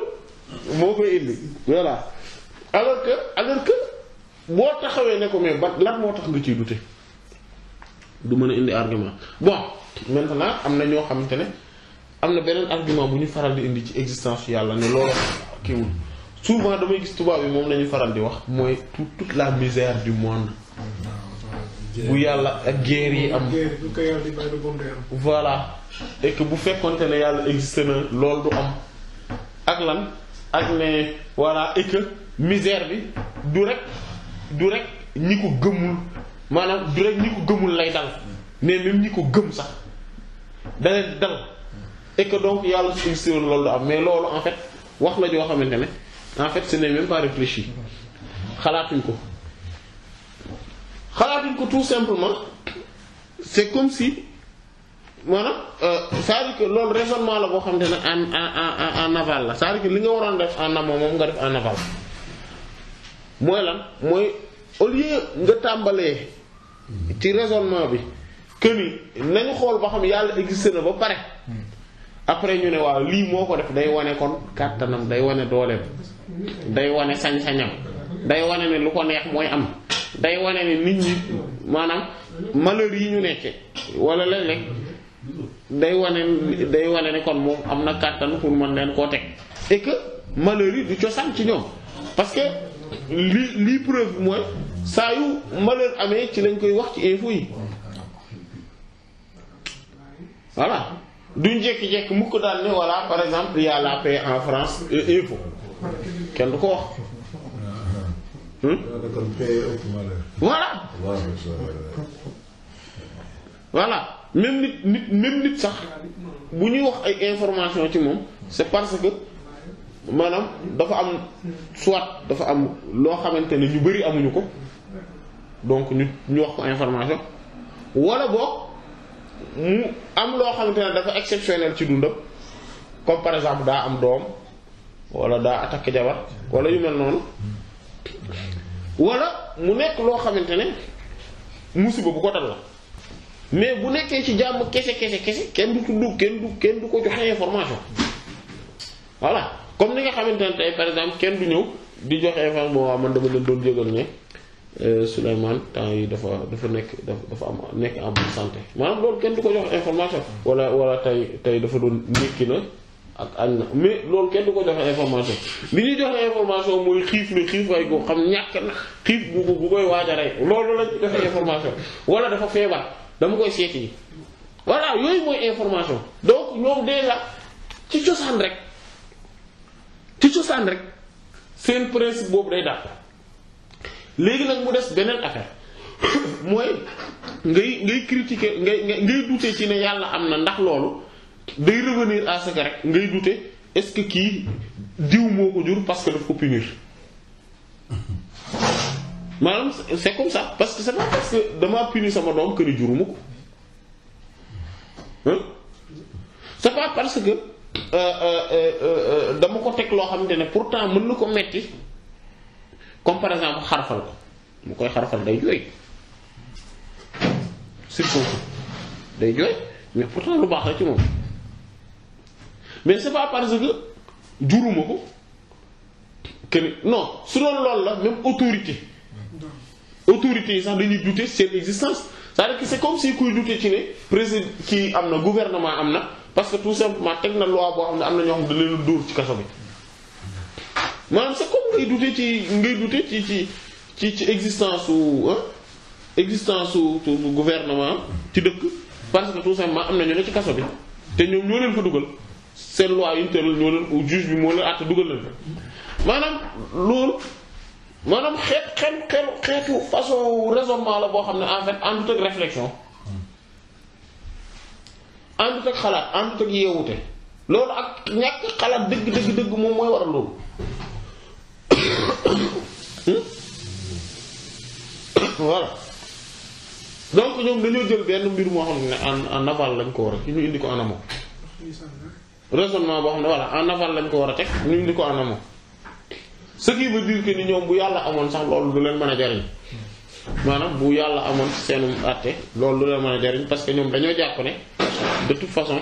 Speaker 1: moo koy indi voilà alors que alors que boo taxawee ne ko mais ba lan moo tax nga ciy dute du mën a indi argument bon maintenant am na ñoo xamante ne am na beneen argument bu ñu faral di indi ci existence yàlla ne loolu kiiwul souvent damay gis tubaab yi moom la ñu faral di wax mooy tout la misère du monde bu yàlla ak guerre yi am voilà et que bu fekkonte ne yàlla existé na loolu du am ak lan ak ne voilà et que bi du rek du rek ñi ko gëmul maanaam du rek ñi ko gëmul lay dal mais même ñi ko gëm sax daleen dal et donc yàlla su existé woon loolu du am mais loolu en fait wax la joo xamante ne en fait ce n'est même pas réfléchi xalaatuñ ko tout simplement c'est comme si moi, euh, c'est-à-dire que raisonnement la xam en en en aval cest dire que li nga def en nga def en aval lan au lieu de tàmbalee ci raisonnement bi que ni xol ba xam existe na ba après ñu né wa li moko def day kon day day sañ-sañam day neex am day woné ne nit ñi maanaam malheur yi ñu nekke wala léeg-léeg day woné day woné ne kon mo amna na pour mën len ko teg et que malheur yi du cosaan ci ñom parce que li li preuve mooy saa yu malheur amee ci lañ koy wax ci info yi voilà duñ jék jék mukk daal né wala par exemple il y a la paix en France euh, info kenn du ko wax Hmm? voilà. voilà même nit nit même nit sax bu ñuy wax ay information ci moom c'est parce que maanaam dafa am soit dafa am loo xamante ne ñu bari amuñu ko donc ñu ñu wax ko information wala boog mu am loo xamante ne dafa exceptionnel ci dundam comme par exemple daa am doom wala daa attaque jabar wala yu mel noonu wala mu nekk loo xamante ne musiba bu ko dal la mais bu nekkee ci jàmm kese kese kese kenn du tudd kenn du kenn du ko joxe information voilà comme ni nga xamante ne tey par exemple kenn du ñëw di joxe information waaw man dama leen doon jégal ne euh, Souleymane temps yi dafa dafa nekk dafa am nekk en bonne maanaam loolu kenn du ko jox information. wala wala tey tey dafa doon nekki na. ak añ na mais loolu kenn du ko joxe information li ñuy joxe information mooy xiif ne xiif ay ko xam ñàkk na xiif bu bu koy waaj a rey loolu lañ joxe information wala dafa feebar dama koy seeti yi voilà yooyu mooy information donc ñoom déjà ci cosaan rek ci cosaan rek seen principe boobu day dàq léegi nag mu des beneen affaire mooy ngay ngay critiquer ngay ngay duute ci ne yàlla am na ndax loolu day revenir à ce que rek ngay douter est-ce que kii diw moo ko jur parce que daf ko punir maanaam c'est comme ça parce que c'est pas parce damaa punir sama doom que ni juruma ko hein c'est pas parce que euh, euh, euh, dama ko teg loo xamante ne pourtant mën na ko metti comme par exemple xarfal ko mu koy xarfal day jooy surtout day jooy mais pourtant lu baax la ci moom mais c'est pas parce que djourumako ko non su doon loolu la même autorité autorité ça sax dañuy douter seen existence c'est-à-dire que c'est comme si kuy douter ci né président qui amna gouvernement amna parce que tout simplement ma na loi bo xamna ne am na ñoo xam da leen dóor ci kasso bi maanaam c'est comme ngay douter ci ngay douter ci ci ci existence ou hein, existence ou gouvernement ci deuk parce que tout simplement amna na ñu ci kasso bi té ñoom ñoo leen fa duggal seen loi yi ñu tëral ñoo leen juge bi moo leen àtte dugal leen fa maanaam loolu maanaam xeet xel xeetu façon raisonnement la boo xam ne en fait àndut ak réflexion àndut ak xalaat àndut ak yeewute loolu ak ñàkk xalaat dëgg dëgg dëgg moom mooy waral loolu voilà donc ñoom dañoo jël benn mbir moo xam ne en en aval lañ ko war a ñu indi ko en raisonnement boo xam ne voilà en aval lañ ko war a teg ñu ni di ko en amont ce qui ba dire que ni ñoom bu yàlla amoon sax loolu du leen mën a jariñ maanaam bu yàlla amoon seenu àtte loolu du leen mën a jariñ parce que ñoom dañoo jàpp ne de toute façon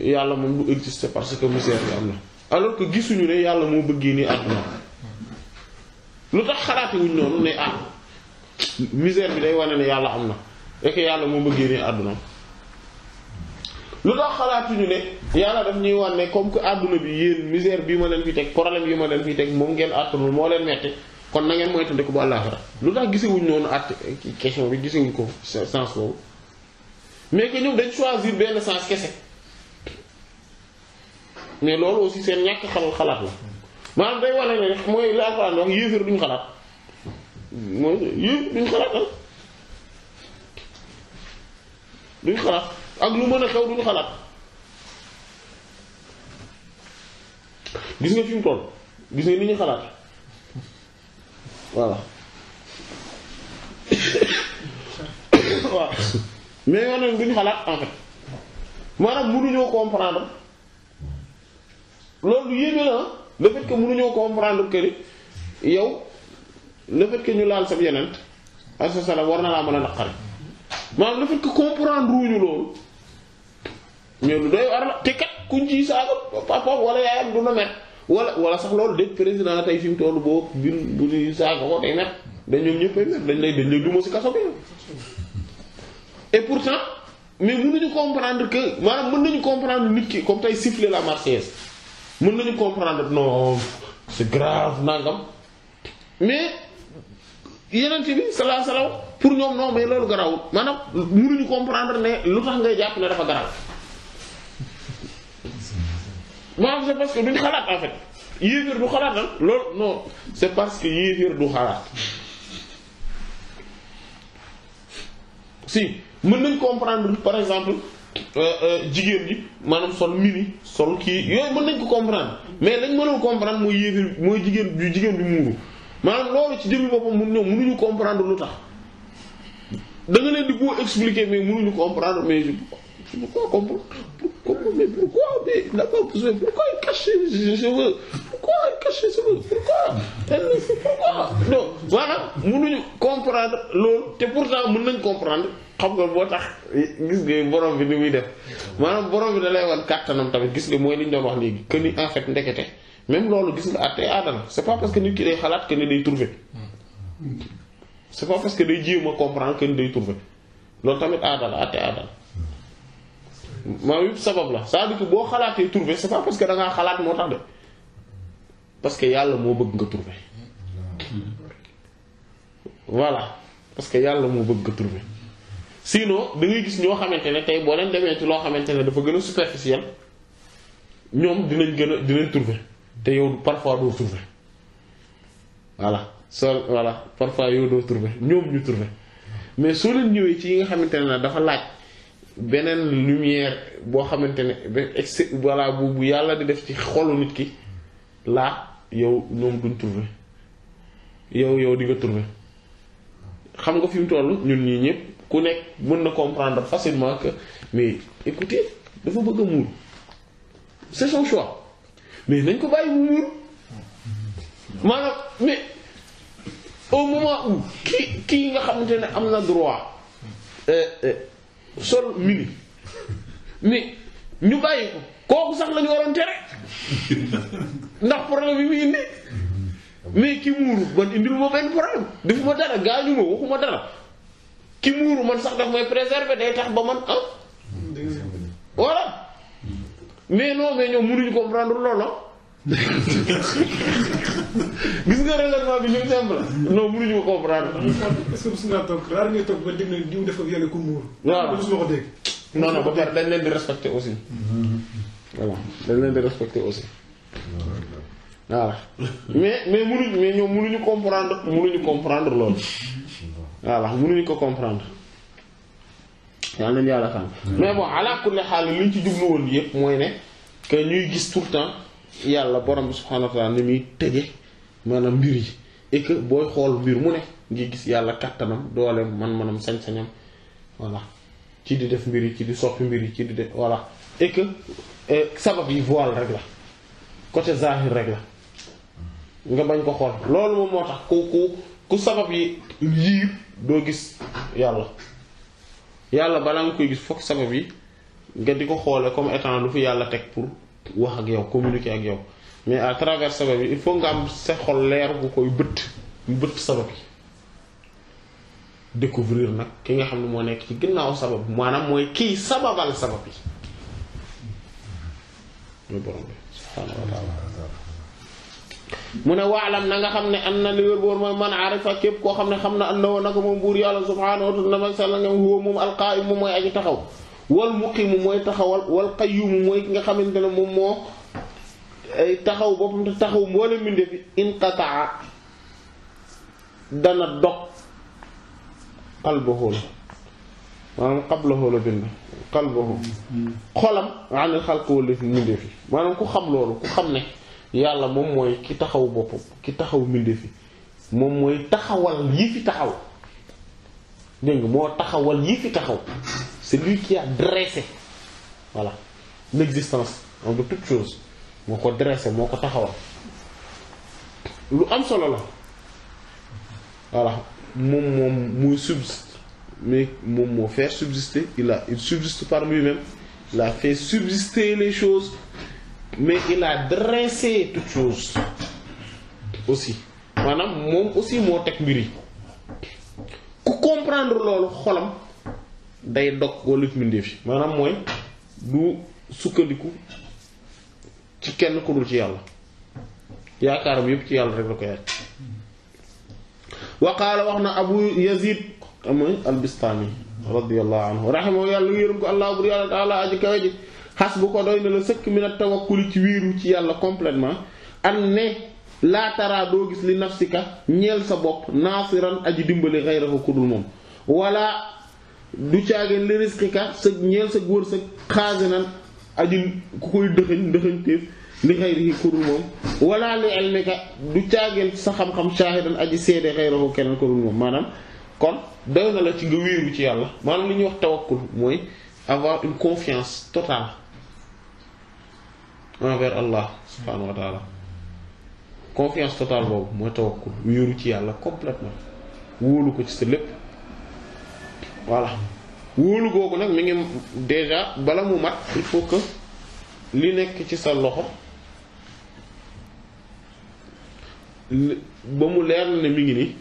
Speaker 1: yàlla moom du existe parce que misère bi am na alors que gisuñu ne yàlla moo bëggee nii àdduna lu tax xalaati wuñ noonu ne ah misère bi day wane ne yàlla am na et yàlla moo bëggee nii àdduna lu tax xalaatuñu ne yàlla daf ñuy wan ne comme que àdduna bi yéen misère bii ma leen fi teg problème yi ma leen fi teg moom ngeen àttanul moo leen metti kon na ngeen moytandiku ba àllaaxira lu tax gisewuñ noonu àtt question bi gisewuñ ko sens boobu mais que ñoom dañ choisir benn sens kese mais loolu aussi seen ñàkk xelal xalaat la maanaam day wane ne mooy li Alxuraan wax yéefar duñ xalaat mooy yéef duñ duñ xalaat ah. ak lu mën a xew duñu xalaat gis nga fi mu toll gis nga ni ñu xalaat voilà waaw mais yooneen duñu xalaat en fait maanaam mënuñoo comprendre loolu yéeme na le fait que mënuñoo comprendre que yow le fait ñu laal sab yeneen alayhi salaam war na laa mën a naqari maanaam le fait que comprendre wuñu loolu mais lu doy war la te kat kuñ ci saaga papa wala yaayam du na met wala wala sax loolu dégg président tey fi mu toll boo bin bu ci saaga ko day met dañ ñoom ñëppay met dañ lay dañ lay duma kaso bi et pourtant mais mun nañu comprendre que maanaam mën nañu comprendre nit ki comme tey siffler la Marseillaise mën nañu comprendre non c'est grave nangam mais yeneen bi salaa salaam pour ñoom non mais loolu garawul maanaam mënuñu comprendre ne lu tax ngay jàpp ne dafa garaw maanaam c'est parce que duñ xalaat en fait yéeféer du xalaat lan hein. non c'est parce que yéeféer du xalaat si mën nañ comprendre par exemple euh, euh, jigéen ji maanaam sol mini sol qui... yooyu mën nañ ko comprendre mais lañ mënul comprendre mooy yéeféer mooy jigéen du jigéen du muuru maanaam loolu ci jëmmi boppam mun comprendre lu tax da nga leen di boo expliquer mais mënuñu comprendre mais je comprends pas Comment, mais pourquoi mais il n'a pas besoin Pourquoi il cache ses cheveux Pourquoi il cache ses cheveux Pourquoi elle, Pourquoi Donc, voilà, mënuñu comprendre loolu te pourtant mën nañ comprendre xam nga boo tax gis nga borom bi ni muy def maanaam borom bi da lay wan kàttanam tamit gis nga mooy li ñu doon wax léegi que ni en fait ndekete même loolu gis nga àtte aadana c'est pas parce que nit ki day xalaat que ni day trouver c'est pas parce que day jéem a comprendre que ni day trouver loolu tamit aadala àtte aadala maanaam yëpp sabab la saa à boo xalaatee trouver c'est pas parce que da ngaa xalaat moo tax de parce que yàlla moo bëgg nga trouver voilà parce que yàlla moo bëgg nga trouver sinon da ngay gis ñoo xamante ne tey boo leen demee ci loo xamante ne dafa gën a superficiel ñoom dinañ gën a dinañ trouver te yow parfois doo trouver voilà so voilà parfois yow doo trouver ñoom ñu trouver mais soo leen ñëwee ci yi nga xamante ne dafa laaj. beneen lumière boo xamante ne ex voilà bu bu yàlla di def ci xolu nit ki laa yow ñoom duñ trouver yow yow di nga xam nga fi mu toll ñun ñii ñëpp ku nekk mën na comprendre facilement que mais écoutez dafa bëgg a muur c'est son choix mais nañ ko bàyyi mu muur maanaam mais au moment où kii nga xamante ne am na droit. Euh, euh, sol mini ni ñu bàyyi ko kooku sax la waroon tere ndax problème yi muy indi mais ki muuru man indil ma benn problème defu ma dara gaañu waxuma dara ki muuru man sax daf may préserver day tax ba man ah. voilà mais non mais ñoom mënuñu comprendre loolu ah. gis nga raisonnement bi ñu simple non mënuñu ko comprendre. est-ce que su naa waaw su ma ba pare dañ leen di respecter aussi. voilà dañ leen di respecter aussi. waaw mais mais mënuñu mais ñoom mënuñu comprendre mënuñu comprendre loolu. voilà mënuñu ko comprendre. yaa ngi yàlla xam. Hmm. mais bon ala xaal li ci jublu woon yëpp mooy ne que ñuy gis tout temps. yàlla borom bi subhaanahu wa taala ni muy tëje maanaam mbir yi et booy xool mbir mu ne ngi gis yàlla kattanam dooleem man-manam sañ-sañam voilà ci di def mbir yi ci di soppi mbir yi ci di def voilà et eh, sabab yi voile rek la côté zahir rek la nga bañ ko xool loolu moom moo tax ku ku ku sabab yi yiir doo gis yàlla yàlla balaa nga koy gis fokk sabab yi nga di ko xoolee comme étant lu fi yàlla teg pour wax ak yow communiquer ak yow mais à travers sabab yi il faut nga am sa xol leer bu koy bëtt mu bëtt sabab yi découvrir nag ki nga xam ne moo nekk ci ginnaaw sabab maanaam mooy kii sababal sabab yi muy borom bi subhaanahu wa mu ne waalam na nga xam ne am na li boor mooy man arifa képp koo xam ne xam na am na woon naka moom buur yàlla subhaanahu wa taala mag sàlla ngam huwa moom alqaa'im moom mooy aji taxaw wal muqiimu mooy taxawal wal qayyumu mooy ki nga xamante ne moom moo ay taxaw boppam te taxaw mboolem mbindeef yi inqataa dana dog qalbahu maanaam qablahu la bind qalbahu xolam anil fi mbindeef maanaam ku xam loolu ku xam ne yàlla moom mooy ki taxaw boppam ki taxaw mbindeef yi moom mooy taxawal yi fi taxaw dégg moo taxawal yi fi taxaw C'est lui qui a dressé voilà l'existence de toute chose je l'ai dressé je l'ai taxawal lu am solo la voilà Mon mon mon subsiste mais mon mon faire subsister il a il subsiste par lui-même il a fait subsister les choses mais il a dressé toutes choses. aussi Maintenant, moi aussi moo teg Pour yi comprendre je xolam day dog wala mbindeef yi maanaam mooy du sukkandiku ci kenn ku dul ci yàlla yaakaaram yëpp ci yàlla rek la ko yaay waqaala wax na abu yazid mooy albistaami radiallahu anhu raximahu yàlla yërëm ko allah bur yàlla taala aji kawe ji xas bu ko doy na la sëkk mi na tawakkuli ci wiiru ci yàlla completement an ne laa doo gis li nafsika ñeel sa bopp naasiran aji dimbali xayrahu ku moom wala du caagin li risqika sa ñeel sa góor sa xaasinan ajul ku koy dëxëñ dëxëñteef li xayrihi kurul moom wala li ilmika du caagin sa xam-xam shaahidan aji seede xayrahu keneen kurul moom maanaam kon doy na la ci nga wéeru ci yàlla maanaam li ñuy wax tawakkul mooy avoir une confiance totale envers Allah subhanahu wa confiance totale boobu mooy tawakkul wéeru ci yàlla complètement wóolu ko ci sa lépp voilà wóolu googu nag mu ngi déjà bala mu mat il faut que li nekk ci sa loxo ba mu leer ne mi ngi nii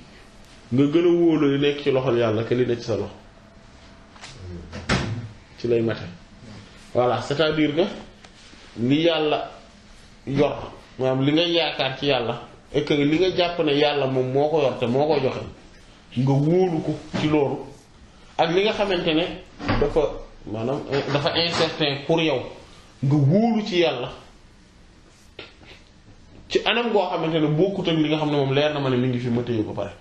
Speaker 1: nga gën a wóolu li nekk ci loxol yàlla que li nekk ci sa loxo ci lay mate voilà c'est-à-dire que li yàlla yor maanaam li nga yaakaar ci yàlla et li nga jàpp ne yàlla moom moo ko yor te moo ko joxe nga wóolu ko ci loolu ak li nga xamante ne dafa maanaam euh, dafa incertain pour yow nga wóolu ci yàlla ci anam goo xamante ne bokkut ak li nga xam ne moom leer na ma ne mi ngi fi ma téye ba pare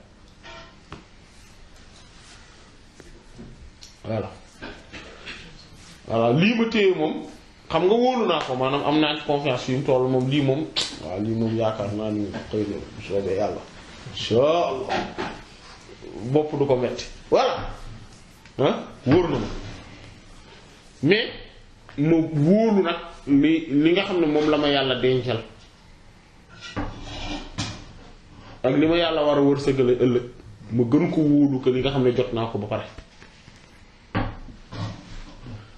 Speaker 1: voilà voilà lii ma téye moom xam nga wóolu naa ko maanaam am naa ci confiance fi mu toll moom lii moom waaw lii moom yaakaar naa ni xëy na bu soobee yàlla bopp du ko metti voilà ah wóor na ma mais ma wóolu nag li li nga xam ne moom la ma yàlla dencal ak li ma yàlla war a wërsëgale ëllëg ma gën ko wóolu ko li nga xam ne jot naa ko ba pare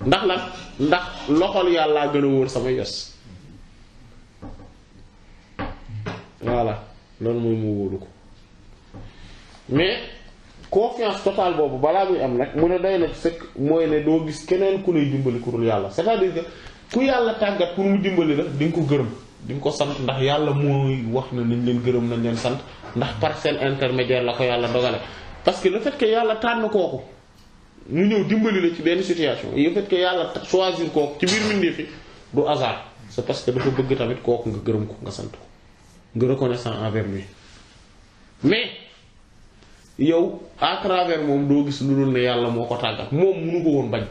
Speaker 1: ndax lan ndax loxol yàllaa gën a wóor sama yos voilà loolu mooy mu wóolu ko mais confiance totale boobu balaa muy am nag mu ne day na ci sëkk mooy ne doo gis keneen ku lay dimbali ku dul yàlla c'est-à-dire que ku yàlla tàggat pour mu dimbali la di nga ko gërëm di nga ko sant ndax yàlla mooy wax na nañ leen gërëm nañ leen sant ndax par seen intermédiaire la ko yàlla dogale parce que le fait que yàlla tànn kooku ñu ñëw dimbali la ci benn situation le fait que yàlla choisir kooku ci biir mbindeef fi du hasard c'est parce que dafa bëgg tamit kooku nga gërëm ko nga sant ko nga reconnaissant envers lui yow à moom doo gis lu dul ne yàlla moo ko tàggat moom munu ko woon bañ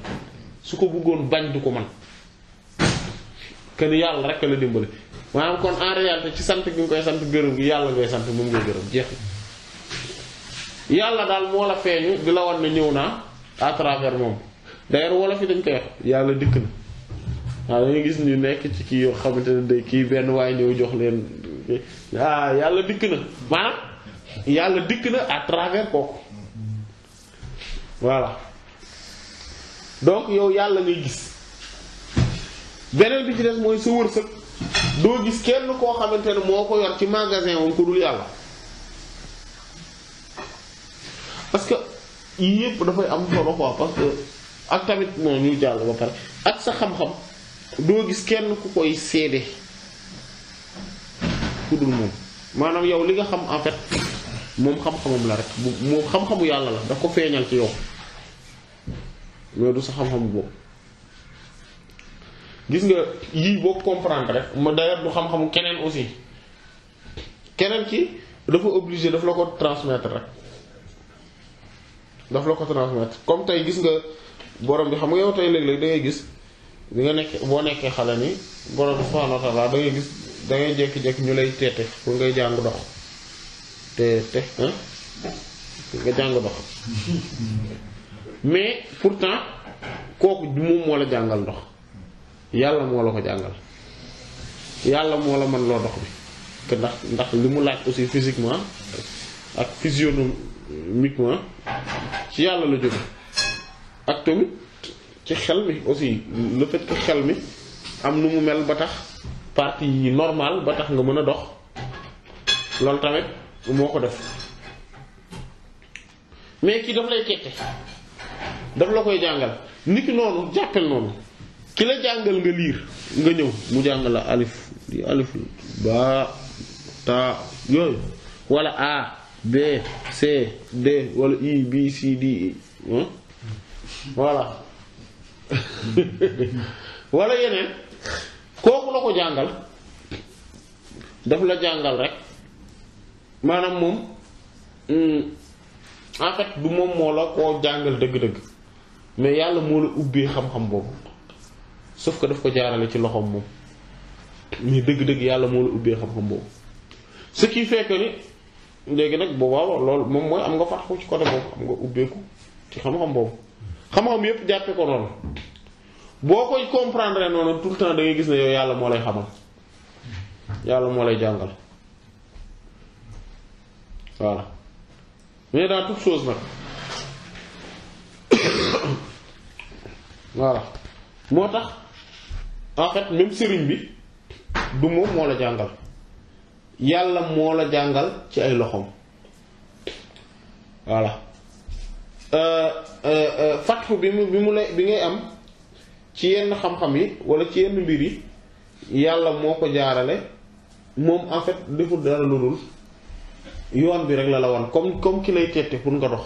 Speaker 1: su ko bëggoon bañ du ko man kenn yàlla rek la dimbali maanaam kon en réalité ci sant gi nga koy sant gi yàlla ngay sant moom ngay gërëm jeex daal moo la feeñu di la wan ne ñëw naa à travers moom d'ailleurs wolof yi dañ ko wax yàlla dikk na waaw dañuy gis ñu nekk ci kii yoo ne day kii benn waay ñëw jox leen ah yàlla dikk na maanaam. yàlla dikk na à travers kooku voilà donc yow yàlla ngay gis beneen bi ci mooy sa wërsëg doo gis kenn koo xamante ne moo ko yor ci magasin woon ku dul yàlla parce que yii yépp dafay am solo quoi parce ak tamit moo ñuy jàll ba pare ak sa xam-xam doo gis kenn ku koy seede ku dul moom maanaam yow li nga xam en fait moom xam-xamam la rek moom xam-xamu yàlla la daf ko feeñal ci yow mais du sa xam-xamu boobu gis nga yii boo comprendre rek ma d'ailleurs du xam-xamu keneen aussi keneen ki dafa obligé daf la ko transmettre rek daf la ko transmettre comme tey gis nga borom bi xam nga yow tey léeg-léeg da ngay gis bi nga nekk boo nekkee xale ni borom bi subhaanahu wa taala da ngay gis da ngay jékki ñu lay teete pour ngay jàng dox te te nga jàng ndox mais pourtant kooku moom moo la jàngal ndox yàlla moo la ko jàngal yàlla moo la mën loo dox bi que ndax ndax li mu laaj aussi physiquement ak physionomiquement ci yàlla la jóge ak tamit ci xel mi aussi le fait xel mi am nu mu mel ba tax partie yi normal ba tax nga mën a dox loolu tamit moo ko def mais kii daf lay tette daf la koy jàngal niki noonu jàppal noonu ki la jàngal nga liir nga ñëw mu jàngal la alif alif ba ta yooyu wala a b c d wala i b c d e, i voilà wala yeneen kooku la ko jàngal daf la jàngal rek maanaam moom hmm, en fait du moom moo la koo jàngal dëgg-dëgg mais yàlla moo la ubbee xam-xam boobu sauf que daf ko jaarale ci loxoom moom mais dëgg-dëgg yàlla moo la ubbee xam-xam boobu ni léegi nag boobaa loolu moom mooy am nga fatxu ci côté boobu am nga ubbeeku ci xam-xam boobu xam-xam yépp jàppe ko noonu boo koy comprendre noonu tout le temps da ngay gis ne yow yàlla moo lay xamal yàlla moo lay jàngal voilà mais dans toute chose nag voilà moo tax en fait sëriñ bi du moom moo la jàngal yàlla moo la jàngal ci ay loxoom voilà euh, euh, euh, fatfu bi mu bi mu lay bi ngay am ci yenn xam-xam yi wala ci yenn mbir yi yàlla moo ko jaarale moom en fait deful dara lu dul yoon bi rek la la wan comme comme ki lay teete pour nga dox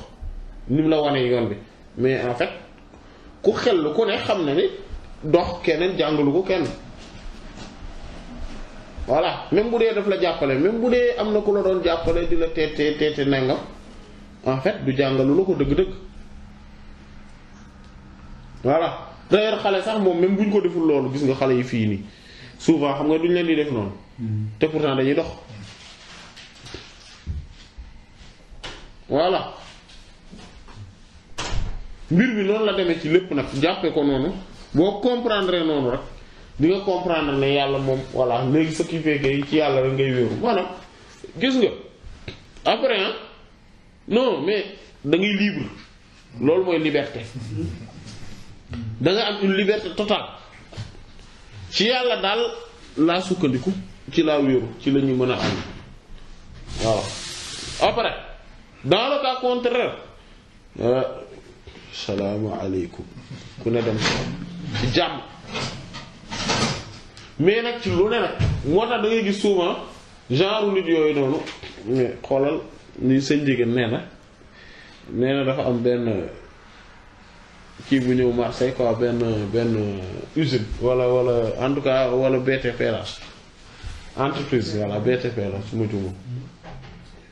Speaker 1: nim la wanee yoon bi mais en ku xel ko ne xam na ni dox keneen jàngalu ko kenn voilà même bu dee daf la jàppale même bu dee am na ku la doon jàppale di la teete teete nangam en fait du jàngalu la ko dëgg-dëgg voilà d'ailleurs xale sax moom même bu ñu ko deful loolu gis nga xale yi fii nii souvent xam nga duñ leen di def noonu mm-hmm. te pourtant dañuy dox voilà mbir bi noonu la demee ci lépp nag jàppe ko noonu boo comprendre noonu rek di nga comprendre ne yàlla moom voilà léegi sa kifeeke yi ci yàlla ngay wéeru maanaam gis nga après ah non mais mooy liberté da nga am ci yàlla daal laa sukkandiku ci laa wéeru ci la ñu mën a am waaw après dans le cas contraire euh, salaamu aleykum ku ne dem jàmm mais nag ci lu ne nag moo tax da ngay gis souvent genre nit yooyu noonu mais xoolal ni sëñ jigéen nee na nee na dafa am benn kii bu ñëw marseille quoi benn benn usine wala wala en tout cas wala btp la entreprise voilà btp la su ma jumu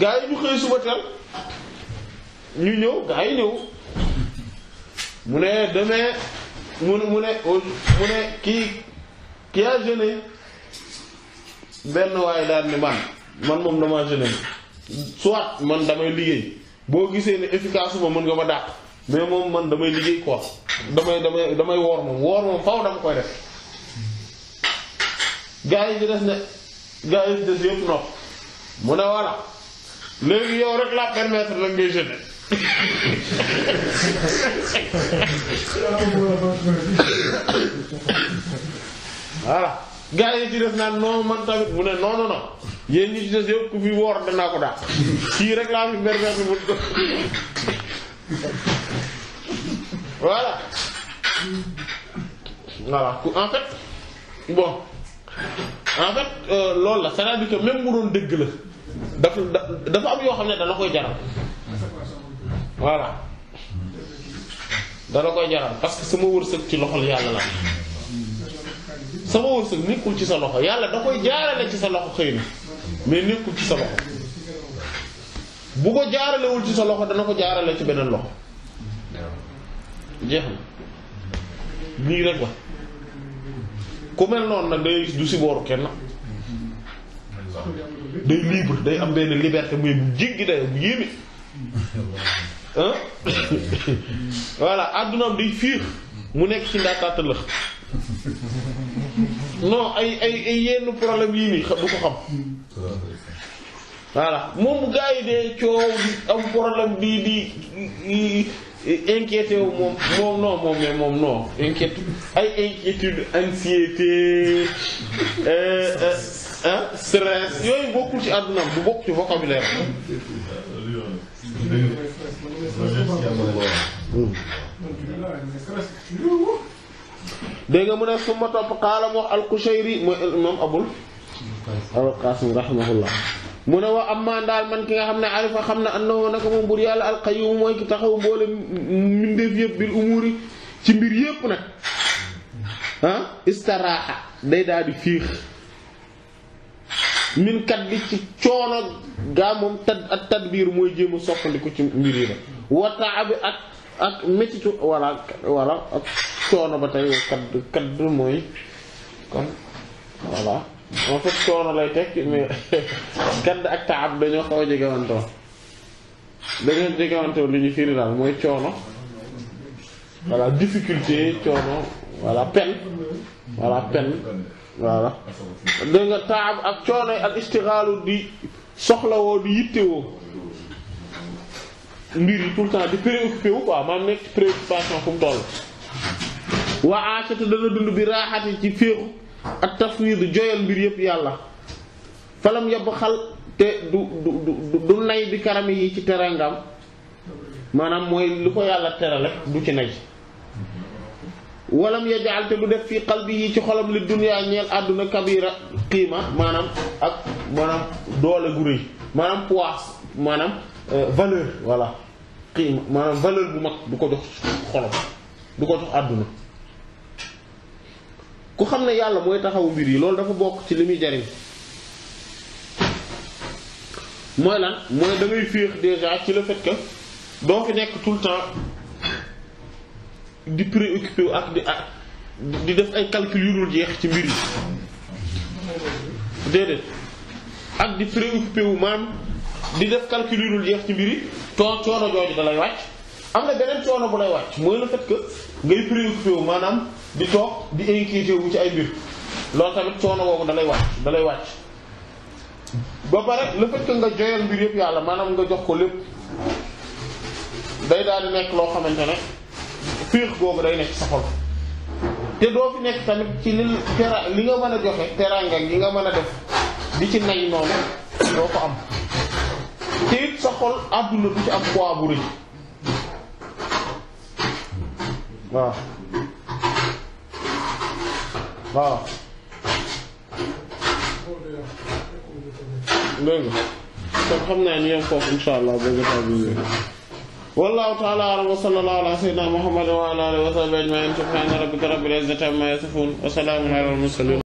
Speaker 1: gaa yi ñu xëy suba teel ñu ñëw gaa yi ñëw mu ne demain mu ne mu ne mu ne kii kii a jeûné benn waaye daal ni man man moom dama jeûné soit man damay liggéey boo gisee ne efficace ma mën nga ma dàq mais moom man damay liggéey quoi damay damay damay woor moom woor moom faw dama koy def gaa yi di des ne gaa yi di des yëpp nopp mu ne voilà léegi yow rek la permettre la ngay jeune voilà gaay yi ci def na non man tamit mu ne non non non yéen ñi ci def yow ku fi wor da na ko da ci rek la fi permettre mu ko voilà voilà en fait bon en fait lool la c'est-à-dire que même mu doon deug la. dafa dafa am yoo xam ne dala koy jaral voilà dala koy jaral parce que sama wërsëg ci loxo yàlla la sama wërsëg nekkul ci sa loxo yàlla da koy jaarale ci sa loxo xëy na mais nekkul ci sa loxo bu ko jaaralewul ci sa loxo dana ko jaarale ci beneen loxo jeex na nii rek la ku mel noonu nag day du si booru kenn day libre day am benn liberté muy bu jéggi day bu yéeme ah voilà addunaam day fiir mu nekk ci ndaataata lëx non ay ay ay yenn problème yii nii du ko xam voilà moom gars yi coow am problème bi di inquiété moom moom non moom mais moom ay inquiétude anxiété euh, euh, ah stress yooyu bokkul ci àdduna bu bokk ci vocabulaire dégg nga mu ne suma topp xaalam wax al moom abul al-Qasim rahimahullah mu ne wa amma daal man ki nga xam ne arifa xam ne annahu naka moom bur yàlla al-Qayyum mooy ki taxaw mboole mbindeef yëpp bil umuri ci mbir yëpp nag ah istiraaxa day daal di fiix min kat bi ci coono gaa moom tad ak tadbiir mooy jéem soppandiku ci mbir yi la wataa bi ak ak métitu wala coono ba tey kadd kadd mooy kon voilà en fait coono lay tekki mais kadd ak taab dañoo xaw a jegewantoo dañoo jegewantoo li ñu firi daal mooy coono voilà difficulté coono voilà peine voilà peine voilà dégg taab ak coono ak istixaalu di soxlawoo di yittewoo mbir yi tout di préoccupé wu quoi nekk préoccupation fu mu toll waa aacata dana dund bi raaxati ci féexu ak tafwiid joyal mbir yëpp yàlla falam yab xal te du du du nay bi karami yi ci terangam maanaam mooy lu ko yàlla terale du ci nay walam yajaal te du def fi qalbi yi ci xolam li dunya ñeel àdduna kabira qiima maanaam ak maanaam doole gu rëy maanaam poids maanaam euh, valeur voilà qiima maanaam valeur bu mag du ko jox xolam du ko jox àdduna ku xam ne yàlla mooy taxawu mbir yi loolu dafa bokk ci li muy jariñ mooy lan mooy da ngay féex déjà ci le fait que doo fi nekk tout le temps di préoccupé ak di di def ay calcul yu dul jeex ci mbir yi déedéet ak di préoccupé wu maam di def calcul yu dul jeex ci mbir yi to coono jooju dalay wàcc am na benen coono bu lay wàcc moy le fait que ngay préoccupé wu manam di tok di inquiété wu ci ay mbir lo tamit coono boobu dalay wàcc dalay wàcc ba pare le fait que nga joyal mbir yeb yàlla manam nga jox ko lépp day daal nek lo xamantene féex googu day nekk sa xol te doo fi nekk tamit ci li tera li nga mën a joxe teranga gi nga mën a def di ci nay noonu doo ko am te it sa xol àdduna du ci am poids bu rëy waaw waaw dégg nga xam naa ñu yem foofu insha allah ba jotaa bi والله تعالى اعلم وصلى الله على سيدنا محمد وعلى اله وصحبه اجمعين سبحان ربك رب العزه عما يصفون وسلام على المرسلين